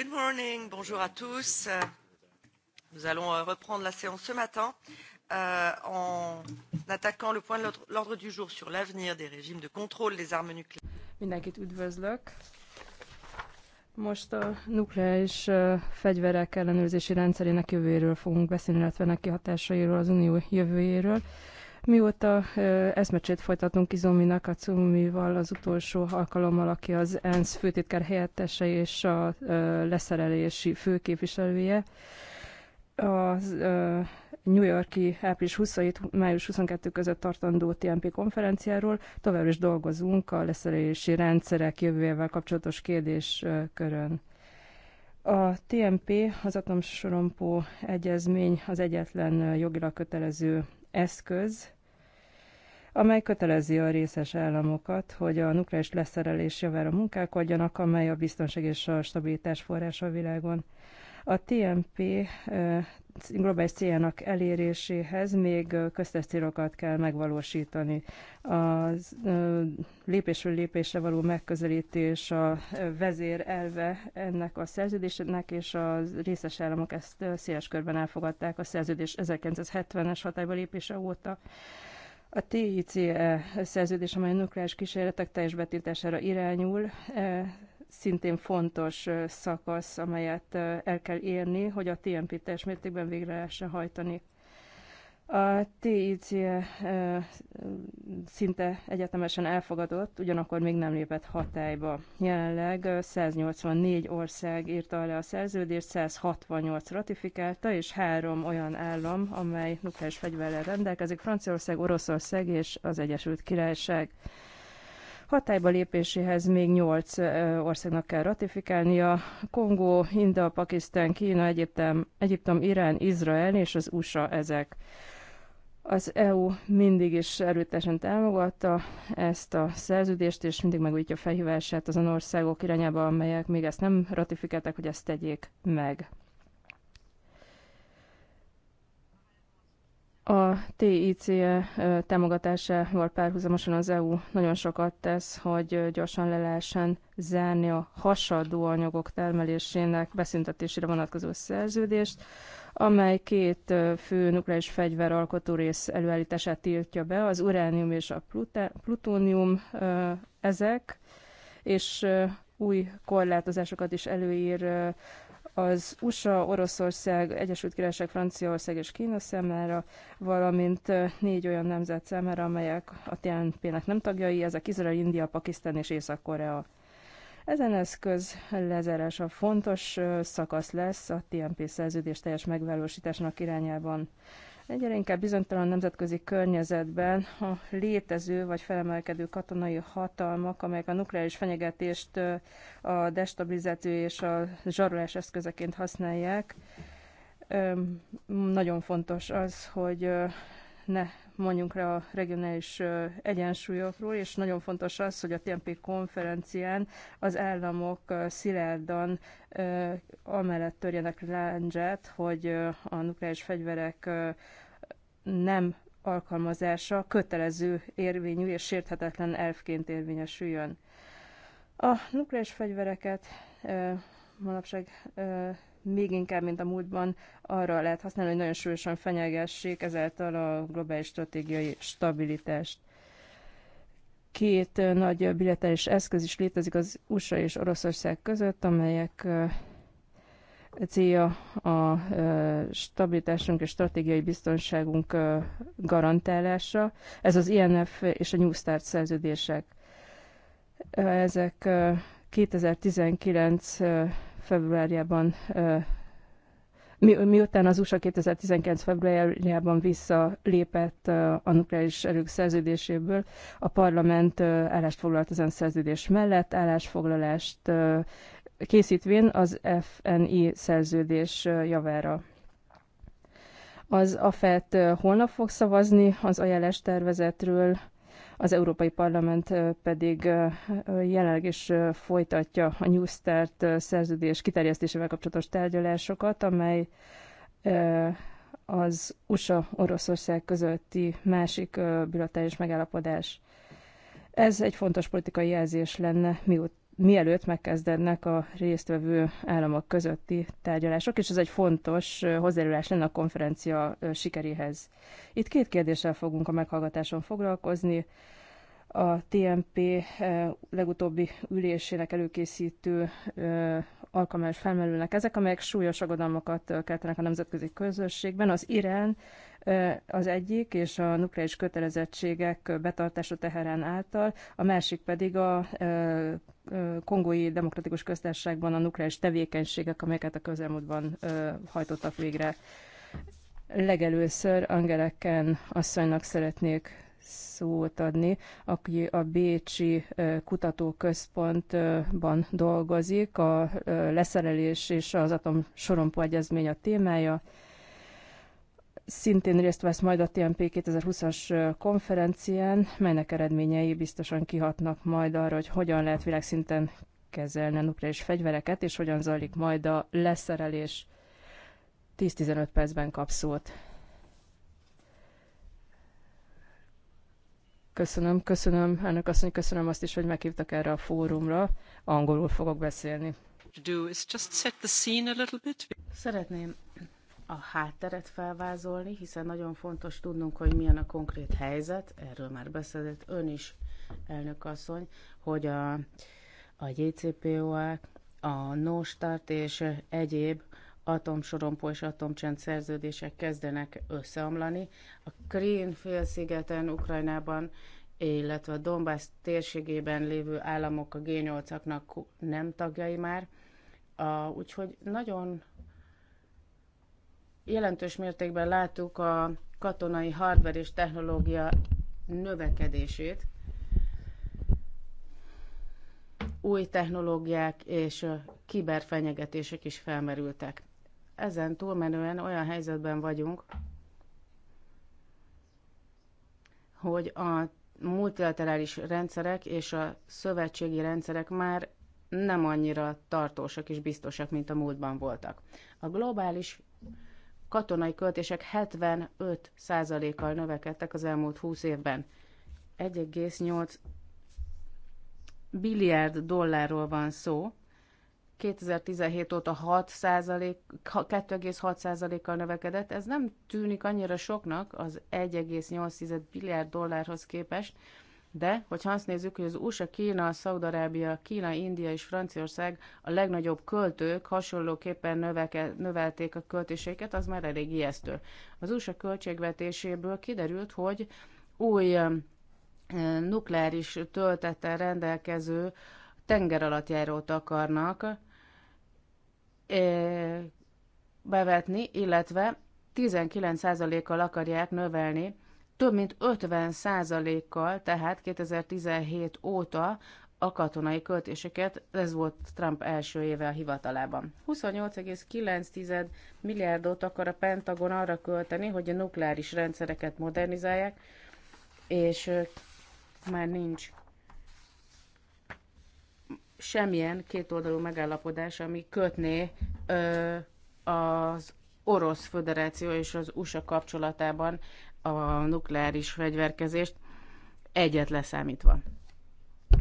Good morning, bonjour à tous. Nous allons euh, reprendre la séance ce matin euh, en attaquant le point de l'ordre du jour sur l'avenir des régimes de contrôle des armes nucléaires. Mindenkit üdvözlök. Most a nukleáris fegyverek ellenőrzési rendszerének jövőjéről fogunk beszélni, illetve neki hatásairól, az unió jövőjéről. Mióta eszmecsét folytatunk Izomi Nakatsumival, az utolsó alkalommal, aki az ENSZ főtitkár helyettese és a leszerelési főképviselője, a New Yorki április 27, május 22 között tartandó TNP konferenciáról. tovább is dolgozunk a leszerelési rendszerek jövőjével kapcsolatos kérdéskörön. A T.M.P. az atomsorompó egyezmény az egyetlen jogilag kötelező eszköz, amely kötelezi a részes államokat, hogy a nukleáris leszerelés javára munkálkodjanak, amely a biztonság és a stabilitás forrása a világon. A TMP globális céljának eléréséhez még köztes célokat kell megvalósítani. A lépésről lépésre való megközelítés a vezér elve ennek a szerződésnek, és a részes államok ezt széles körben elfogadták a szerződés 1970-es hatályba lépése óta. A TICE szerződés, amely a nukleáris kísérletek teljes betiltására irányul, e, szintén fontos szakasz, amelyet el kell érni, hogy a TNP teljes mértékben végre lehessen hajtani. A TIC szinte egyetemesen elfogadott, ugyanakkor még nem lépett hatályba. Jelenleg 184 ország írta le a szerződést, 168 ratifikálta, és három olyan állam, amely nukleáris fegyverrel rendelkezik, Franciaország, Oroszország és az Egyesült Királyság. Hatályba lépéséhez még nyolc országnak kell ratifikálnia. Kongó, India, Pakisztán, Kína, Egyiptom, Egyiptom, Irán, Izrael és az USA ezek. Az EU mindig is erőteljesen támogatta ezt a szerződést, és mindig megújítja felhívását azon országok irányába, amelyek még ezt nem ratifikálták, hogy ezt tegyék meg. A TIC e, támogatásával párhuzamosan az EU nagyon sokat tesz, hogy gyorsan le lehessen zárni a hasadó anyagok termelésének beszüntetésére vonatkozó szerződést, amely két fő nukleáris fegyver alkotó rész előállítását tiltja be, az uránium és a plutónium ezek, és új korlátozásokat is előír az USA, Oroszország, Egyesült Királyság, Franciaország és Kína számára, valamint négy olyan nemzet számára, amelyek a TNP-nek nem tagjai, ezek Izrael, India, Pakisztán és Észak-Korea. Ezen eszköz lezárása fontos szakasz lesz a TNP szerződés teljes megvalósításnak irányában. Egyre inkább bizonytalan nemzetközi környezetben a létező vagy felemelkedő katonai hatalmak, amelyek a nukleáris fenyegetést a destabilizáció és a zsarolás eszközeként használják, nagyon fontos az, hogy ne mondjunk rá a regionális egyensúlyokról, és nagyon fontos az, hogy a TMP konferencián az államok szilárdan amellett törjenek láncsát, hogy a nukleáris fegyverek nem alkalmazása kötelező érvényű és sérthetetlen elfként érvényesüljön. A nukleáris fegyvereket manapság még inkább, mint a múltban, arra lehet használni, hogy nagyon súlyosan fenyegessék ezáltal a globális stratégiai stabilitást. Két nagy bilaterális eszköz is létezik az USA és Oroszország között, amelyek célja a stabilitásunk és stratégiai biztonságunk garantálása. Ez az INF és a New Start szerződések. Ezek 2019 februárjában mi, miután az USA 2019. februárjában visszalépett a nukleáris erők szerződéséből, a parlament állást foglalt ezen szerződés mellett, állásfoglalást készítvén az FNI szerződés javára. Az AFET holnap fog szavazni az ajánlás tervezetről, az Európai Parlament pedig jelenleg is folytatja a New Start szerződés kiterjesztésével kapcsolatos tárgyalásokat, amely az USA-Oroszország közötti másik bilaterális megállapodás. Ez egy fontos politikai jelzés lenne, miut, mielőtt megkezdednek a résztvevő államok közötti tárgyalások, és ez egy fontos hozzájárulás lenne a konferencia sikeréhez. Itt két kérdéssel fogunk a meghallgatáson foglalkozni a TMP eh, legutóbbi ülésének előkészítő eh, alkalmányos felmerülnek ezek, amelyek súlyos aggodalmakat eh, keltenek a nemzetközi közösségben. Az Irán az egyik, és a nukleáris kötelezettségek betartása Teherán által, a másik pedig a kongói demokratikus köztársaságban a nukleáris tevékenységek, amelyeket a közelmúltban hajtottak végre. Legelőször Angeleken asszonynak szeretnék szót adni, aki a Bécsi Kutatóközpontban dolgozik, a leszerelés és az atom sorompó egyezmény a témája. Szintén részt vesz majd a TMP 2020-as konferencián, melynek eredményei biztosan kihatnak majd arra, hogy hogyan lehet világszinten kezelni a nukleáris fegyvereket, és hogyan zajlik majd a leszerelés. 10-15 percben kap szót. Köszönöm, köszönöm, elnök asszony, köszönöm azt is, hogy meghívtak erre a fórumra. Angolul fogok beszélni. Szeretném a hátteret felvázolni, hiszen nagyon fontos tudnunk, hogy milyen a konkrét helyzet, erről már beszélt ön is, elnök asszony, hogy a, a JCPOA, a no Start és egyéb atomsorompó és atomcsend szerződések kezdenek összeomlani. A Krím félszigeten, Ukrajnában, illetve a Donbass térségében lévő államok a G8-aknak nem tagjai már. A, úgyhogy nagyon jelentős mértékben láttuk a katonai hardware és technológia növekedését, új technológiák és kiberfenyegetések is felmerültek ezen túlmenően olyan helyzetben vagyunk, hogy a multilaterális rendszerek és a szövetségi rendszerek már nem annyira tartósak és biztosak, mint a múltban voltak. A globális katonai költések 75%-kal növekedtek az elmúlt 20 évben. 1,8 billiárd dollárról van szó, 2017 óta 6 2,6%-kal növekedett. Ez nem tűnik annyira soknak az 1,8 milliárd dollárhoz képest, de, hogyha azt nézzük, hogy az USA, Kína, Szaudarábia, Kína, India és Franciaország a legnagyobb költők hasonlóképpen növeke, növelték a költéseiket, az már elég ijesztő. Az USA költségvetéséből kiderült, hogy új nukleáris töltettel rendelkező tengeralattjárót akarnak, bevetni, illetve 19%-kal akarják növelni, több mint 50%-kal, tehát 2017 óta a katonai költéseket, ez volt Trump első éve a hivatalában. 28,9 milliárdot akar a Pentagon arra költeni, hogy a nukleáris rendszereket modernizálják, és már nincs semmilyen kétoldalú megállapodás, ami kötné ö, az Orosz Föderáció és az USA kapcsolatában a nukleáris fegyverkezést, egyet leszámítva.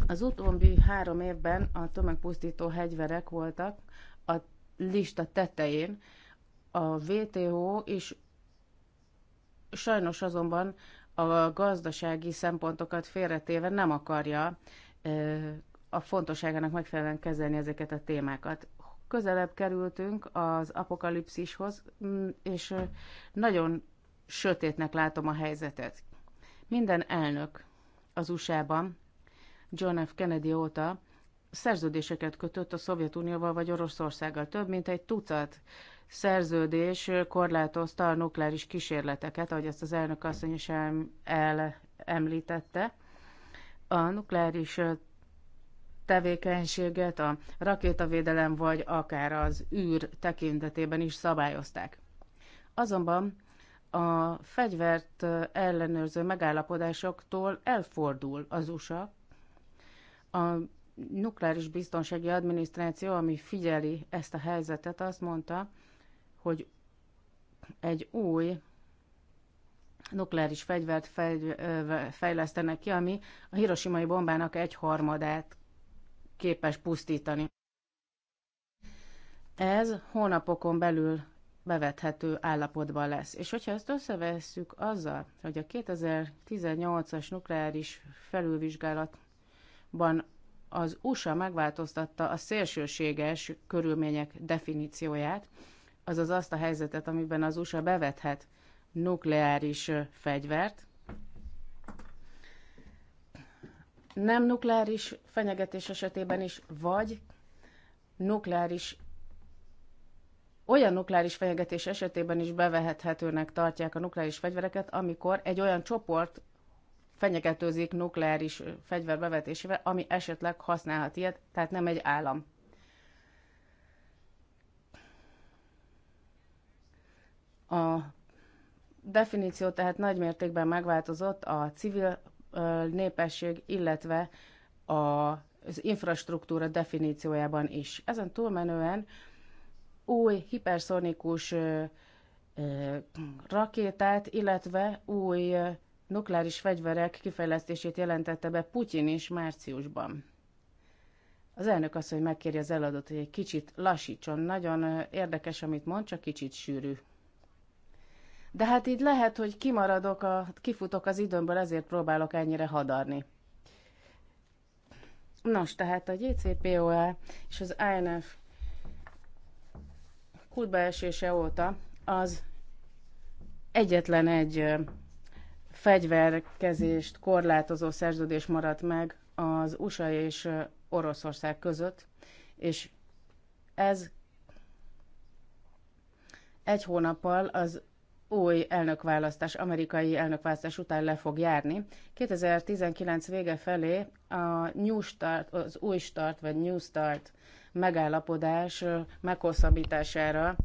Az utóbbi három évben a tömegpusztító hegyverek voltak a lista tetején. A WTO is sajnos azonban a gazdasági szempontokat félretéve nem akarja a fontosságának megfelelően kezelni ezeket a témákat. Közelebb kerültünk az apokalipszishoz, mm, és nagyon sötétnek látom a helyzetet. Minden elnök az USA-ban John F. Kennedy óta szerződéseket kötött a Szovjetunióval vagy Oroszországgal. Több mint egy tucat szerződés korlátozta a nukleáris kísérleteket, ahogy ezt az elnök asszony is el, el említette. A nukleáris tevékenységet a rakétavédelem vagy akár az űr tekintetében is szabályozták. Azonban a fegyvert ellenőrző megállapodásoktól elfordul az USA. A nukleáris biztonsági adminisztráció, ami figyeli ezt a helyzetet, azt mondta, hogy egy új nukleáris fegyvert fejlesztenek ki, ami a hiroshimai bombának egy harmadát képes pusztítani. Ez hónapokon belül bevethető állapotban lesz. És hogyha ezt összevesszük azzal, hogy a 2018-as nukleáris felülvizsgálatban az USA megváltoztatta a szélsőséges körülmények definícióját, azaz azt a helyzetet, amiben az USA bevethet nukleáris fegyvert, nem nukleáris fenyegetés esetében is, vagy nukleáris olyan nukleáris fenyegetés esetében is bevehethetőnek tartják a nukleáris fegyvereket, amikor egy olyan csoport fenyegetőzik nukleáris fegyver bevetésével, ami esetleg használhat ilyet, tehát nem egy állam. A definíció tehát nagymértékben megváltozott a civil népesség, illetve a, az infrastruktúra definíciójában is. Ezen túlmenően új hiperszonikus rakétát, illetve új nukleáris fegyverek kifejlesztését jelentette be Putyin is márciusban. Az elnök azt, hogy megkérje az eladót, hogy egy kicsit lassítson. Nagyon érdekes, amit mond, csak kicsit sűrű. De hát így lehet, hogy kimaradok, a, kifutok az időmből, ezért próbálok ennyire hadarni. Nos, tehát a JCPOA e és az INF kútbeesése óta az egyetlen egy fegyverkezést korlátozó szerződés maradt meg az USA és Oroszország között, és ez egy hónappal az új elnökválasztás, amerikai elnökválasztás után le fog járni. 2019 vége felé a New Start, az új start vagy New Start megállapodás meghosszabbítására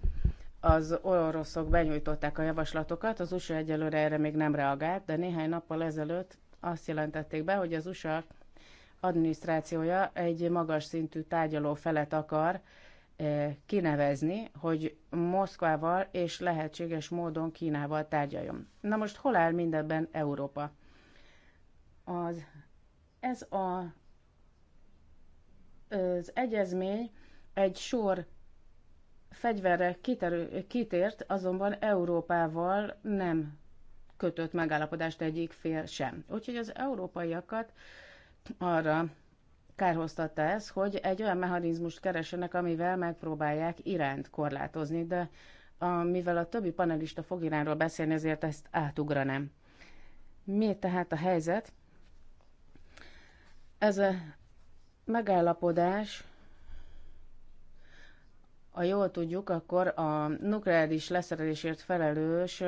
az oroszok benyújtották a javaslatokat, az USA egyelőre erre még nem reagált, de néhány nappal ezelőtt azt jelentették be, hogy az USA adminisztrációja egy magas szintű tárgyaló felet akar, kinevezni, hogy Moszkvával és lehetséges módon Kínával tárgyaljon. Na most hol áll mindenben Európa? Az, ez a, az egyezmény egy sor fegyverre kiterő, kitért, azonban Európával nem kötött megállapodást egyik fél sem. Úgyhogy az európaiakat arra kárhoztatta ez, hogy egy olyan mechanizmust keresenek, amivel megpróbálják Iránt korlátozni, de mivel a többi panelista fog Iránról beszélni, ezért ezt átugranám. Mi tehát a helyzet? Ez a megállapodás, ha jól tudjuk, akkor a nukleáris leszerelésért felelős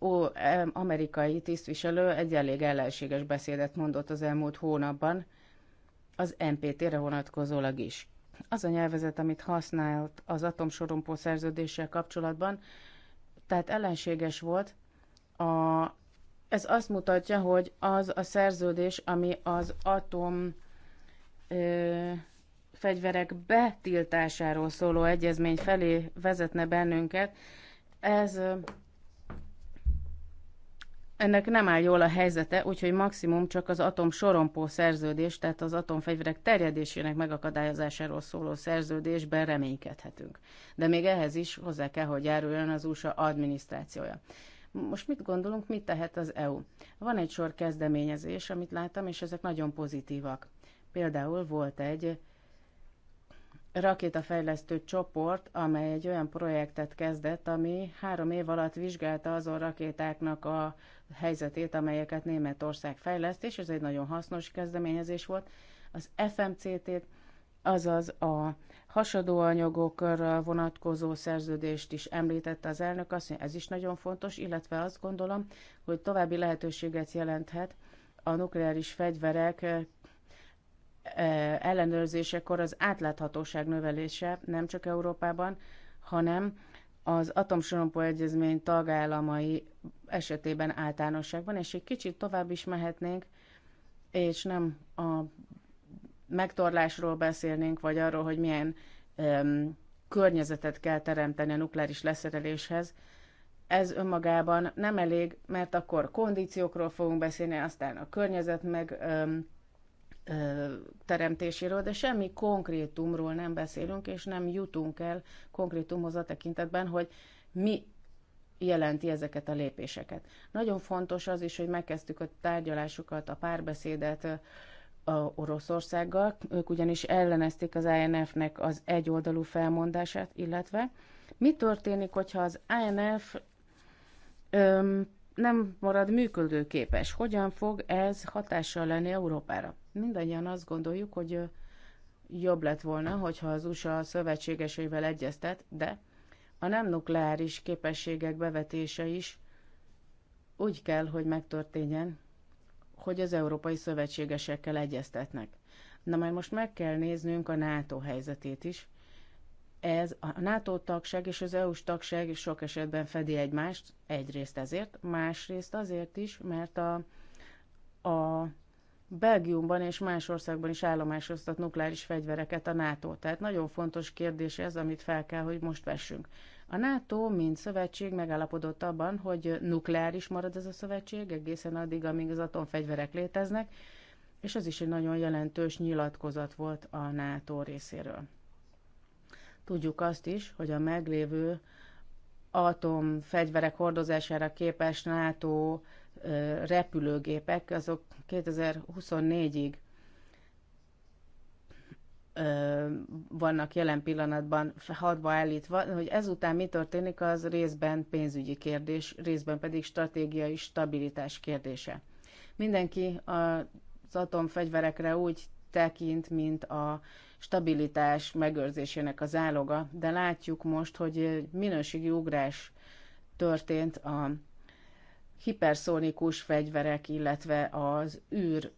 ó, amerikai tisztviselő egy elég ellenséges beszédet mondott az elmúlt hónapban, az NPT-re vonatkozólag is. Az a nyelvezet, amit használt az atomsorompó szerződéssel kapcsolatban, tehát ellenséges volt. A, ez azt mutatja, hogy az a szerződés, ami az atom ö, fegyverek betiltásáról szóló egyezmény felé vezetne bennünket, ez ennek nem áll jól a helyzete, úgyhogy maximum csak az atom sorompó szerződés, tehát az atomfegyverek terjedésének megakadályozásáról szóló szerződésben reménykedhetünk. De még ehhez is hozzá kell, hogy járuljon az USA adminisztrációja. Most mit gondolunk, mit tehet az EU? Van egy sor kezdeményezés, amit láttam, és ezek nagyon pozitívak. Például volt egy rakétafejlesztő csoport, amely egy olyan projektet kezdett, ami három év alatt vizsgálta azon rakétáknak a helyzetét, amelyeket Németország fejleszt, és ez egy nagyon hasznos kezdeményezés volt. Az FMCT-t, azaz a hasadóanyagokra vonatkozó szerződést is említette az elnök asszony, ez is nagyon fontos, illetve azt gondolom, hogy további lehetőséget jelenthet a nukleáris fegyverek ellenőrzésekor az átláthatóság növelése nem csak Európában, hanem az atomsorompó egyezmény tagállamai esetében általánosságban, és egy kicsit tovább is mehetnénk, és nem a megtorlásról beszélnénk, vagy arról, hogy milyen öm, környezetet kell teremteni a nukleáris leszereléshez. Ez önmagában nem elég, mert akkor kondíciókról fogunk beszélni, aztán a környezet meg öm, teremtéséről, de semmi konkrétumról nem beszélünk, és nem jutunk el konkrétumhoz a tekintetben, hogy mi jelenti ezeket a lépéseket. Nagyon fontos az is, hogy megkezdtük a tárgyalásokat, a párbeszédet a Oroszországgal, ők ugyanis ellenezték az INF-nek az egyoldalú felmondását, illetve mi történik, hogyha az INF öm, nem marad működőképes. Hogyan fog ez hatással lenni Európára? Mindannyian azt gondoljuk, hogy jobb lett volna, hogyha az USA szövetségeseivel egyeztet, de a nem nukleáris képességek bevetése is úgy kell, hogy megtörténjen, hogy az európai szövetségesekkel egyeztetnek. Na majd most meg kell néznünk a NATO helyzetét is, ez a NATO tagság és az EU-s tagság is sok esetben fedi egymást, egyrészt ezért, másrészt azért is, mert a, a Belgiumban és más országban is állomásoztat nukleáris fegyvereket a NATO. Tehát nagyon fontos kérdés ez, amit fel kell, hogy most vessünk. A NATO, mint szövetség megállapodott abban, hogy nukleáris marad ez a szövetség egészen addig, amíg az atomfegyverek léteznek, és ez is egy nagyon jelentős nyilatkozat volt a NATO részéről. Tudjuk azt is, hogy a meglévő atomfegyverek hordozására képes NATO repülőgépek, azok 2024-ig vannak jelen pillanatban hadba állítva, hogy ezután mi történik, az részben pénzügyi kérdés, részben pedig stratégiai stabilitás kérdése. Mindenki az atomfegyverekre úgy tekint, mint a stabilitás megőrzésének az áloga, de látjuk most, hogy minőségi ugrás történt a hiperszónikus fegyverek, illetve az űr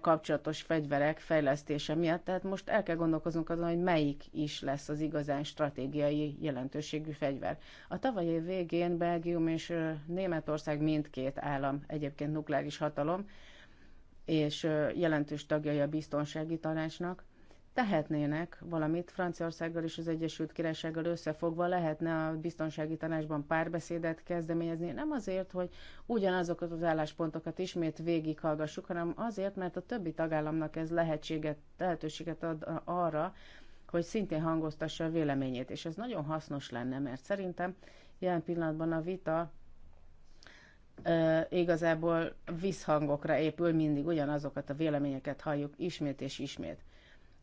kapcsolatos fegyverek fejlesztése miatt, tehát most el kell gondolkoznunk azon, hogy melyik is lesz az igazán stratégiai jelentőségű fegyver. A tavalyi év végén Belgium és Németország mindkét állam egyébként nukleáris hatalom és jelentős tagjai a biztonsági tanácsnak, tehetnének valamit Franciaországgal és az Egyesült Királysággal összefogva, lehetne a biztonsági tanácsban párbeszédet kezdeményezni, nem azért, hogy ugyanazokat az álláspontokat ismét végighallgassuk, hanem azért, mert a többi tagállamnak ez lehetséget, lehetőséget ad arra, hogy szintén hangoztassa a véleményét, és ez nagyon hasznos lenne, mert szerintem jelen pillanatban a vita e, igazából visszhangokra épül, mindig ugyanazokat a véleményeket halljuk ismét és ismét.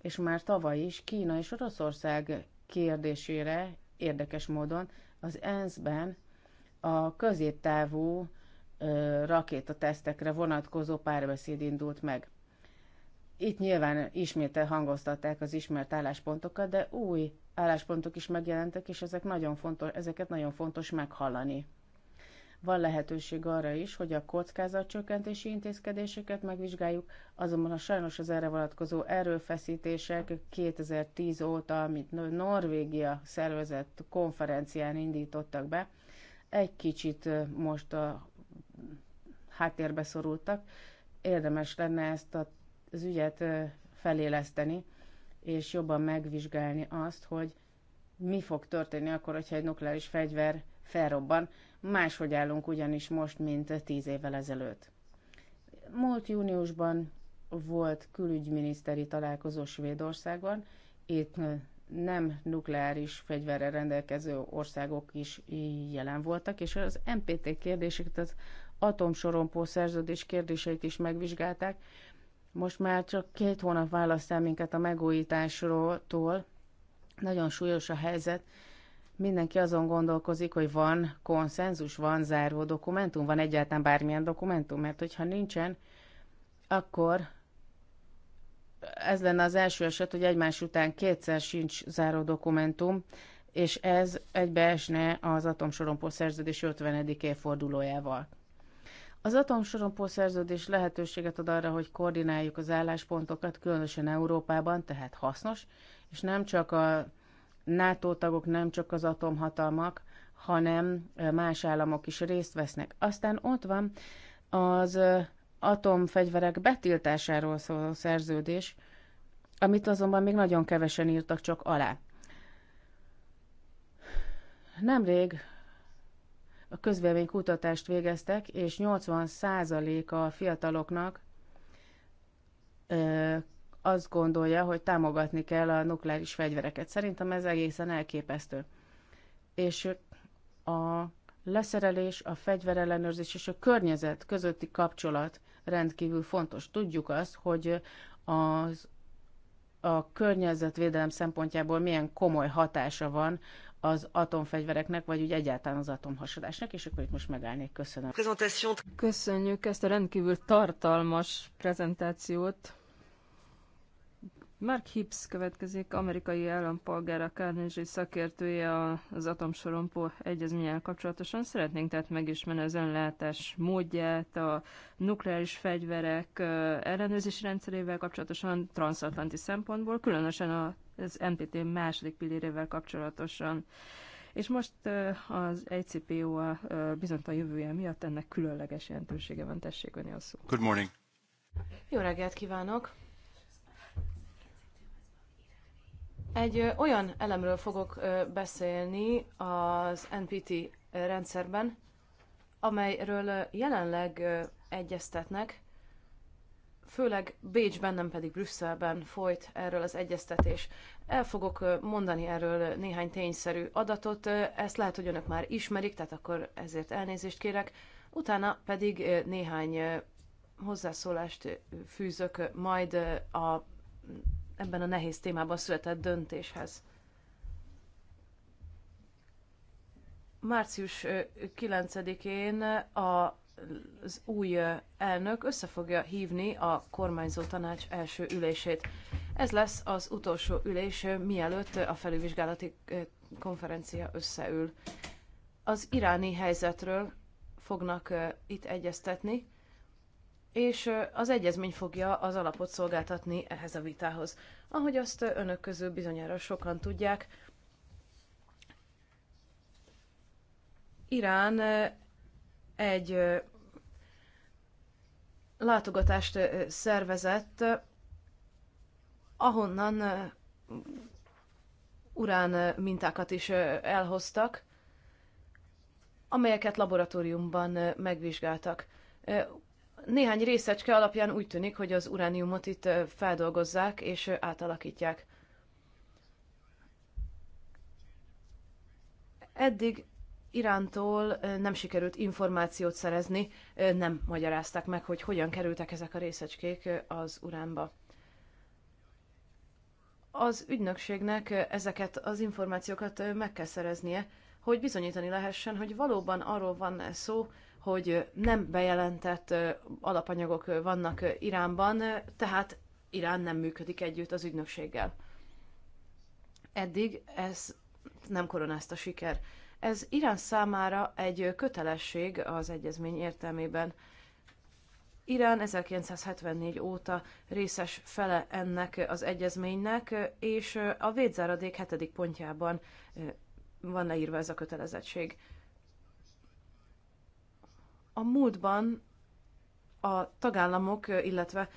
És már tavaly is Kína és Oroszország kérdésére érdekes módon az ENSZ-ben a középtávú rakétatesztekre vonatkozó párbeszéd indult meg. Itt nyilván ismét hangoztatták az ismert álláspontokat, de új álláspontok is megjelentek, és ezek nagyon fontos, ezeket nagyon fontos meghallani. Van lehetőség arra is, hogy a kockázatcsökkentési intézkedéseket megvizsgáljuk, azonban a sajnos az erre vonatkozó erőfeszítések 2010 óta, amit Norvégia szervezett konferencián indítottak be, egy kicsit most a háttérbe szorultak. Érdemes lenne ezt az ügyet feléleszteni, és jobban megvizsgálni azt, hogy mi fog történni akkor, hogyha egy nukleáris fegyver felrobban, Máshogy állunk ugyanis most, mint tíz évvel ezelőtt. Múlt júniusban volt külügyminiszteri találkozó Svédországban, itt nem nukleáris fegyverre rendelkező országok is jelen voltak, és az MPT kérdéseket, az atomsorompó szerződés kérdéseit is megvizsgálták. Most már csak két hónap választ el minket a megújításról, nagyon súlyos a helyzet, mindenki azon gondolkozik, hogy van konszenzus, van záró dokumentum, van egyáltalán bármilyen dokumentum, mert hogyha nincsen, akkor ez lenne az első eset, hogy egymás után kétszer sincs záró dokumentum, és ez egybeesne az atomsorompó szerződés 50. évfordulójával. Az atomsorompó szerződés lehetőséget ad arra, hogy koordináljuk az álláspontokat, különösen Európában, tehát hasznos, és nem csak a NATO tagok nem csak az atomhatalmak, hanem más államok is részt vesznek. Aztán ott van az atomfegyverek betiltásáról szóló szerződés, amit azonban még nagyon kevesen írtak csak alá. Nemrég a közvéleménykutatást végeztek, és 80%-a a fiataloknak azt gondolja, hogy támogatni kell a nukleáris fegyvereket. Szerintem ez egészen elképesztő. És a leszerelés, a fegyverellenőrzés és a környezet közötti kapcsolat rendkívül fontos. Tudjuk azt, hogy az, a környezetvédelem szempontjából milyen komoly hatása van az atomfegyvereknek, vagy úgy egyáltalán az atomhasadásnak, és akkor itt most megállnék. Köszönöm. Köszönjük ezt a rendkívül tartalmas prezentációt. Mark Hibbs következik, amerikai állampolgár, a Carnegie szakértője az atomsorompó egyezménnyel kapcsolatosan. Szeretnénk tehát megismerni az önlátás módját, a nukleáris fegyverek ellenőrzési rendszerével kapcsolatosan, transatlanti szempontból, különösen az NPT második pillérével kapcsolatosan. És most az ECPO a bizonytalan jövője miatt ennek különleges jelentősége van, tessék önni a szó. Good morning! Jó reggelt kívánok! Egy olyan elemről fogok beszélni az NPT rendszerben, amelyről jelenleg egyeztetnek, főleg Bécsben, nem pedig Brüsszelben folyt erről az egyeztetés. El fogok mondani erről néhány tényszerű adatot, ezt lehet, hogy önök már ismerik, tehát akkor ezért elnézést kérek. Utána pedig néhány hozzászólást fűzök majd a ebben a nehéz témában született döntéshez. Március 9-én az új elnök össze fogja hívni a kormányzó tanács első ülését. Ez lesz az utolsó ülés, mielőtt a felülvizsgálati konferencia összeül. Az iráni helyzetről fognak itt egyeztetni és az egyezmény fogja az alapot szolgáltatni ehhez a vitához. Ahogy azt önök közül bizonyára sokan tudják, Irán egy látogatást szervezett, ahonnan urán mintákat is elhoztak, amelyeket laboratóriumban megvizsgáltak. Néhány részecske alapján úgy tűnik, hogy az urániumot itt feldolgozzák és átalakítják. Eddig Irántól nem sikerült információt szerezni, nem magyarázták meg, hogy hogyan kerültek ezek a részecskék az uránba. Az ügynökségnek ezeket az információkat meg kell szereznie, hogy bizonyítani lehessen, hogy valóban arról van szó, hogy nem bejelentett alapanyagok vannak Iránban, tehát Irán nem működik együtt az ügynökséggel. Eddig ez nem koronázta siker. Ez Irán számára egy kötelesség az egyezmény értelmében. Irán 1974 óta részes fele ennek az egyezménynek, és a védzáradék hetedik pontjában van leírva ez a kötelezettség. A múltban a tagállamok, illetve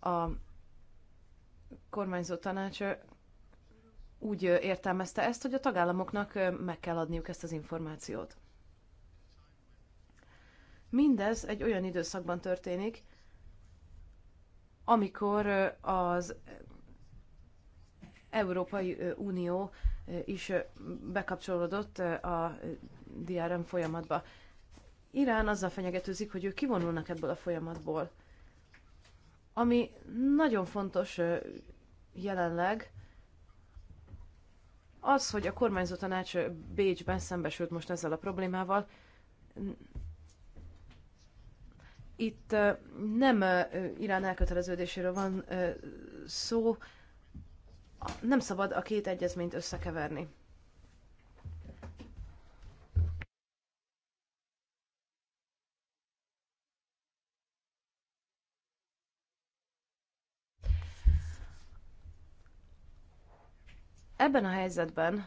a kormányzó tanács úgy értelmezte ezt, hogy a tagállamoknak meg kell adniuk ezt az információt. Mindez egy olyan időszakban történik, amikor az Európai Unió is bekapcsolódott a DRM folyamatba. Irán azzal fenyegetőzik, hogy ők kivonulnak ebből a folyamatból. Ami nagyon fontos jelenleg, az, hogy a kormányzó tanács Bécsben szembesült most ezzel a problémával, itt nem Irán elköteleződéséről van szó, nem szabad a két egyezményt összekeverni. Ebben a helyzetben,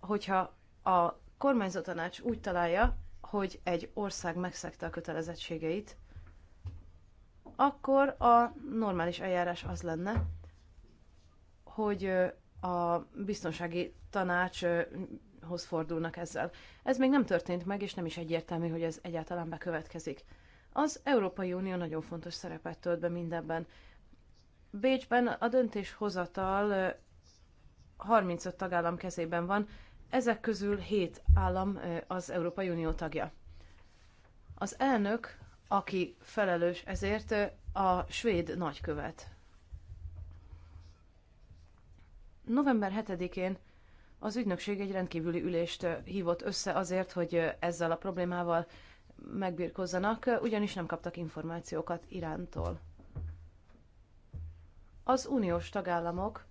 hogyha a kormányzó tanács úgy találja, hogy egy ország megszegte a kötelezettségeit, akkor a normális eljárás az lenne, hogy a biztonsági tanácshoz fordulnak ezzel. Ez még nem történt meg, és nem is egyértelmű, hogy ez egyáltalán bekövetkezik. Az Európai Unió nagyon fontos szerepet tölt be mindenben. Bécsben a döntéshozatal 35 tagállam kezében van, ezek közül 7 állam az Európai Unió tagja. Az elnök, aki felelős ezért, a svéd nagykövet. November 7-én az ügynökség egy rendkívüli ülést hívott össze azért, hogy ezzel a problémával megbirkozzanak, ugyanis nem kaptak információkat Irántól. Az uniós tagállamok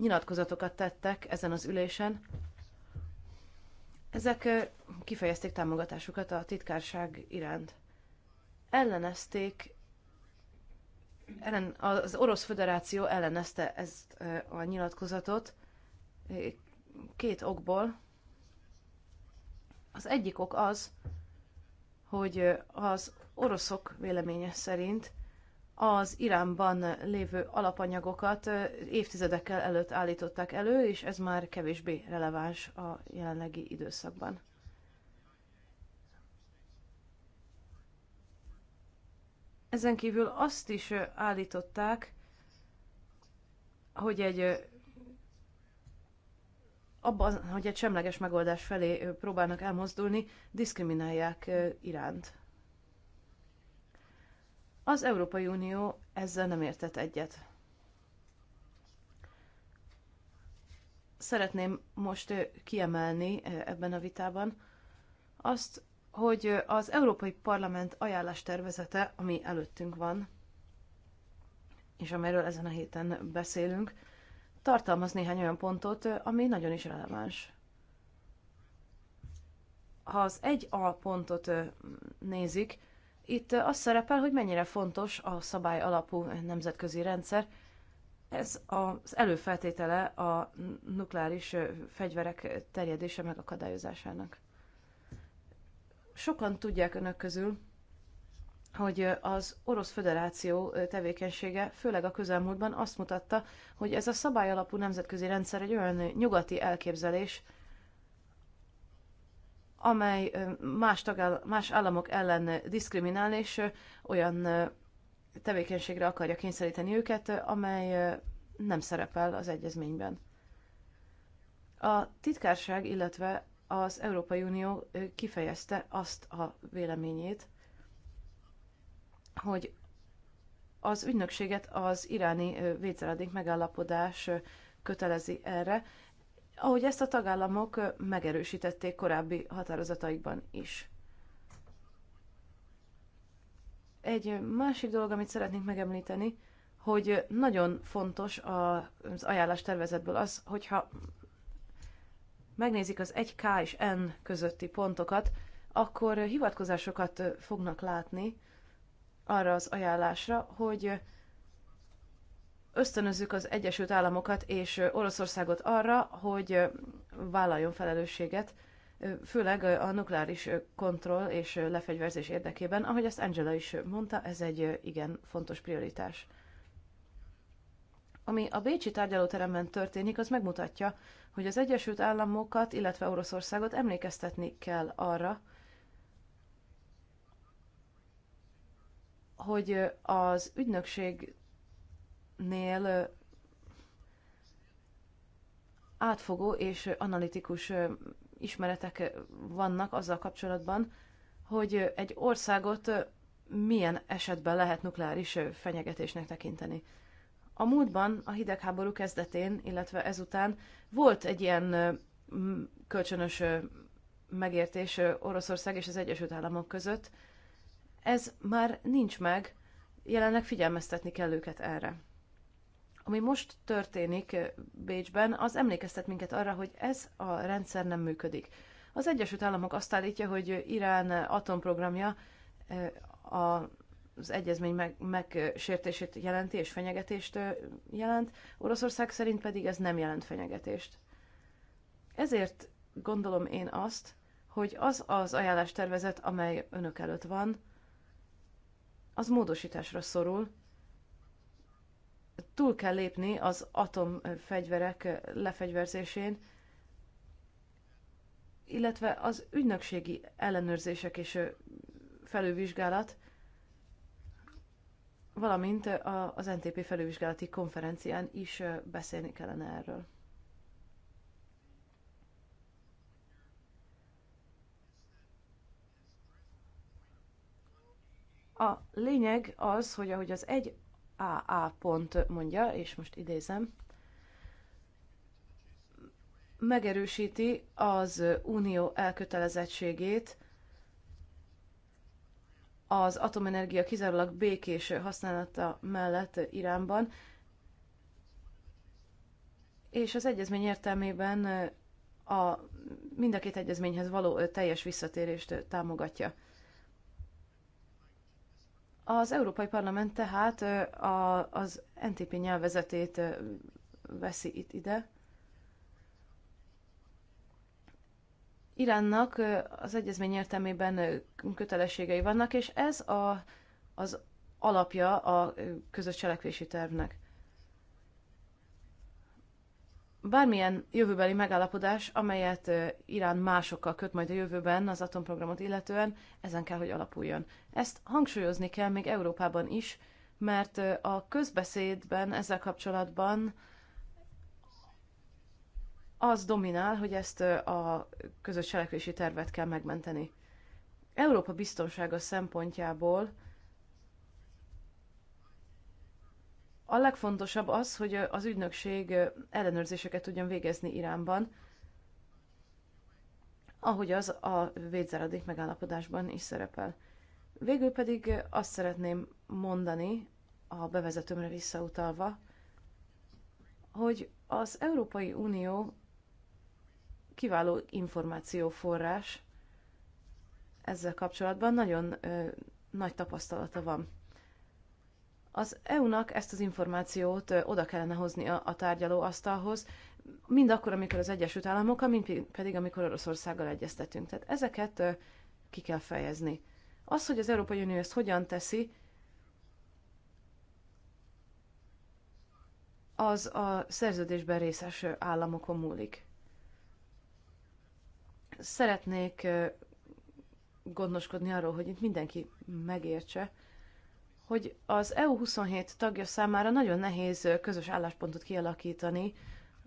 nyilatkozatokat tettek ezen az ülésen. Ezek kifejezték támogatásukat a titkárság iránt. Ellenezték, ellen, az Orosz Föderáció ellenezte ezt a nyilatkozatot két okból. Az egyik ok az, hogy az oroszok véleménye szerint az Iránban lévő alapanyagokat évtizedekkel előtt állították elő, és ez már kevésbé releváns a jelenlegi időszakban. Ezen kívül azt is állították, hogy egy abban, hogy egy semleges megoldás felé próbálnak elmozdulni, diszkriminálják iránt. Az Európai Unió ezzel nem értett egyet. Szeretném most kiemelni ebben a vitában azt, hogy az Európai Parlament ajánlás tervezete, ami előttünk van, és amiről ezen a héten beszélünk, tartalmaz néhány olyan pontot, ami nagyon is releváns. Ha az egy A pontot nézik, itt eh, az szerepel, hogy mennyire fontos a szabály alapú nemzetközi rendszer. Ez az előfeltétele a nukleáris eh, fegyverek terjedése megakadályozásának. Sokan tudják önök közül, hogy eh, az Orosz Föderáció tevékenysége, főleg a közelmúltban azt mutatta, hogy ez a szabály alapú nemzetközi rendszer egy olyan nyugati elképzelés, amely más, tagáll- más államok ellen diszkriminál, és olyan tevékenységre akarja kényszeríteni őket, amely nem szerepel az egyezményben. A titkárság, illetve az Európai Unió kifejezte azt a véleményét, hogy az ügynökséget az iráni védszeradék megállapodás kötelezi erre, ahogy ezt a tagállamok megerősítették korábbi határozataikban is. Egy másik dolog, amit szeretnék megemlíteni, hogy nagyon fontos az ajánlás tervezetből az, hogyha megnézik az 1K és N közötti pontokat, akkor hivatkozásokat fognak látni arra az ajánlásra, hogy ösztönözzük az Egyesült Államokat és Oroszországot arra, hogy vállaljon felelősséget, főleg a nukleáris kontroll és lefegyverzés érdekében, ahogy azt Angela is mondta, ez egy igen fontos prioritás. Ami a Bécsi tárgyalóteremben történik, az megmutatja, hogy az Egyesült Államokat, illetve Oroszországot emlékeztetni kell arra, hogy az ügynökség nél átfogó és analitikus ismeretek vannak azzal kapcsolatban, hogy egy országot milyen esetben lehet nukleáris fenyegetésnek tekinteni. A múltban, a hidegháború kezdetén, illetve ezután volt egy ilyen kölcsönös megértés Oroszország és az Egyesült Államok között. Ez már nincs meg, jelenleg figyelmeztetni kell őket erre. Ami most történik eh, Bécsben, az emlékeztet minket arra, hogy ez a rendszer nem működik. Az Egyesült Államok azt állítja, hogy Irán atomprogramja eh, az egyezmény meg, megsértését jelenti és fenyegetést eh, jelent, Oroszország szerint pedig ez nem jelent fenyegetést. Ezért gondolom én azt, hogy az az ajánlástervezet, amely önök előtt van, az módosításra szorul, túl kell lépni az atomfegyverek lefegyverzésén, illetve az ügynökségi ellenőrzések és felülvizsgálat, valamint az NTP felülvizsgálati konferencián is beszélni kellene erről. A lényeg az, hogy ahogy az egy AA pont mondja, és most idézem, megerősíti az unió elkötelezettségét az atomenergia kizárólag békés használata mellett Iránban, és az egyezmény értelmében a mind a két egyezményhez való teljes visszatérést támogatja. Az Európai Parlament tehát a, az NTP nyelvezetét veszi itt ide. Iránnak az egyezmény értelmében kötelességei vannak, és ez a, az alapja a közös cselekvési tervnek bármilyen jövőbeli megállapodás, amelyet Irán másokkal köt majd a jövőben az atomprogramot illetően, ezen kell, hogy alapuljon. Ezt hangsúlyozni kell még Európában is, mert a közbeszédben ezzel kapcsolatban az dominál, hogy ezt a közös cselekvési tervet kell megmenteni. Európa biztonsága szempontjából A legfontosabb az, hogy az ügynökség ellenőrzéseket tudjon végezni Iránban, ahogy az a védzeradék megállapodásban is szerepel. Végül pedig azt szeretném mondani, a bevezetőmre visszautalva, hogy az Európai Unió kiváló információforrás ezzel kapcsolatban, nagyon ö, nagy tapasztalata van. Az EU-nak ezt az információt oda kellene hozni a, a tárgyalóasztalhoz, mind akkor, amikor az Egyesült Államokkal, mind pedig, amikor Oroszországgal egyeztetünk. Tehát ezeket ki kell fejezni. Az, hogy az Európai Unió ezt hogyan teszi, az a szerződésben részes államokon múlik. Szeretnék gondoskodni arról, hogy itt mindenki megértse, hogy az EU27 tagja számára nagyon nehéz közös álláspontot kialakítani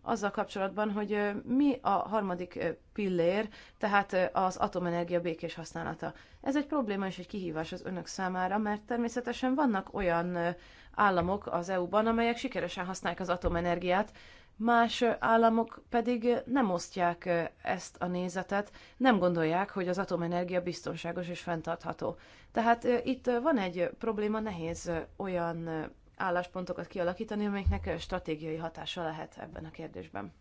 azzal kapcsolatban, hogy mi a harmadik pillér, tehát az atomenergia békés használata. Ez egy probléma és egy kihívás az önök számára, mert természetesen vannak olyan államok az EU-ban, amelyek sikeresen használják az atomenergiát, Más államok pedig nem osztják ezt a nézetet, nem gondolják, hogy az atomenergia biztonságos és fenntartható. Tehát itt van egy probléma, nehéz olyan álláspontokat kialakítani, amelyeknek stratégiai hatása lehet ebben a kérdésben.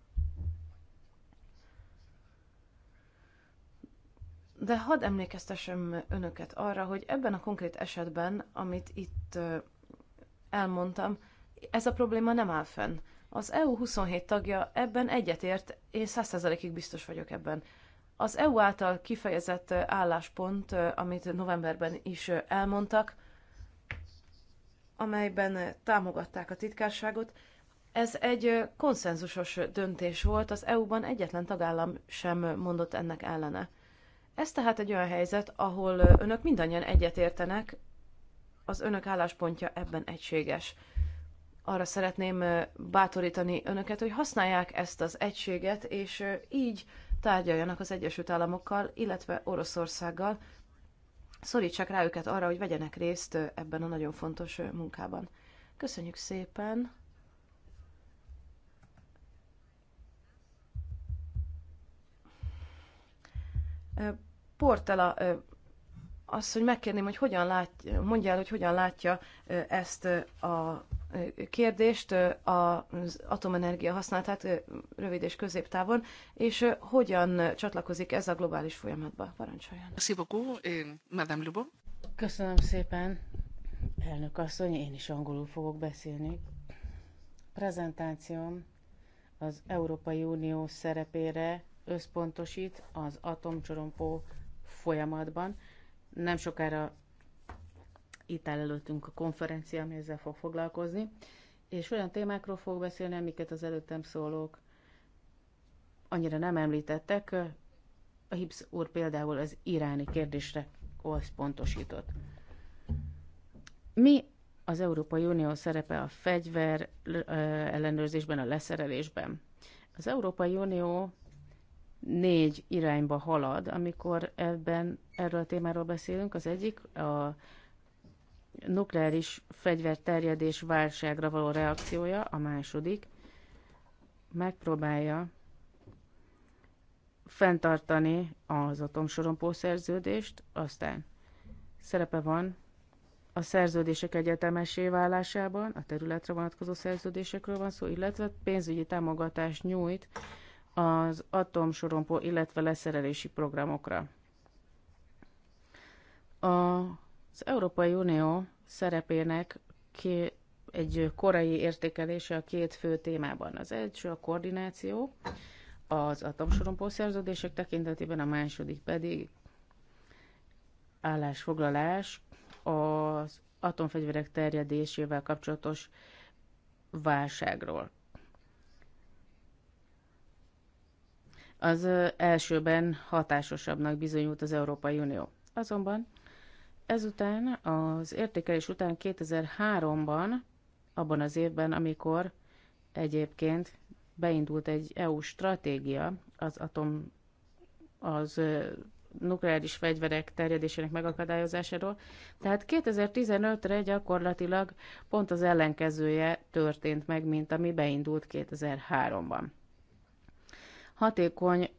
De hadd emlékeztessem önöket arra, hogy ebben a konkrét esetben, amit itt elmondtam, ez a probléma nem áll fenn. Az EU 27 tagja ebben egyetért, én 100%-ig biztos vagyok ebben. Az EU által kifejezett álláspont, amit novemberben is elmondtak, amelyben támogatták a titkárságot, ez egy konszenzusos döntés volt, az EU-ban egyetlen tagállam sem mondott ennek ellene. Ez tehát egy olyan helyzet, ahol önök mindannyian egyetértenek, az önök álláspontja ebben egységes arra szeretném bátorítani önöket, hogy használják ezt az egységet, és így tárgyaljanak az Egyesült Államokkal, illetve Oroszországgal, szorítsák rá őket arra, hogy vegyenek részt ebben a nagyon fontos munkában. Köszönjük szépen! Portela azt, hogy megkérném, hogy hogyan látja, mondjál, hogy hogyan látja ezt a kérdést, az atomenergia használatát rövid és középtávon, és hogyan csatlakozik ez a globális folyamatba? Parancsoljon. Madame Lubo. Köszönöm szépen, elnök asszony, én is angolul fogok beszélni. Prezentációm az Európai Unió szerepére összpontosít az atomcsorompó folyamatban. Nem sokára itt áll előttünk a konferencia, ami ezzel fog foglalkozni, és olyan témákról fog beszélni, amiket az előttem szólók annyira nem említettek. A Hibs úr például az iráni kérdésre pontosított. Mi az Európai Unió szerepe a fegyver ellenőrzésben, a leszerelésben? Az Európai Unió négy irányba halad, amikor ebben erről a témáról beszélünk. Az egyik a nukleáris fegyverterjedés válságra való reakciója, a második, megpróbálja fenntartani az atomsorompó szerződést, aztán szerepe van a szerződések egyetemessé válásában, a területre vonatkozó szerződésekről van szó, illetve pénzügyi támogatást nyújt az atomsorompó, illetve leszerelési programokra. A az Európai Unió szerepének ki egy korai értékelése a két fő témában. Az első a koordináció, az atomsorompó szerződések tekintetében, a második pedig állásfoglalás az atomfegyverek terjedésével kapcsolatos válságról. Az elsőben hatásosabbnak bizonyult az Európai Unió. Azonban Ezután, az értékelés után 2003-ban, abban az évben, amikor egyébként beindult egy EU stratégia az atom, az nukleáris fegyverek terjedésének megakadályozásáról. Tehát 2015-re gyakorlatilag pont az ellenkezője történt meg, mint ami beindult 2003-ban. Hatékony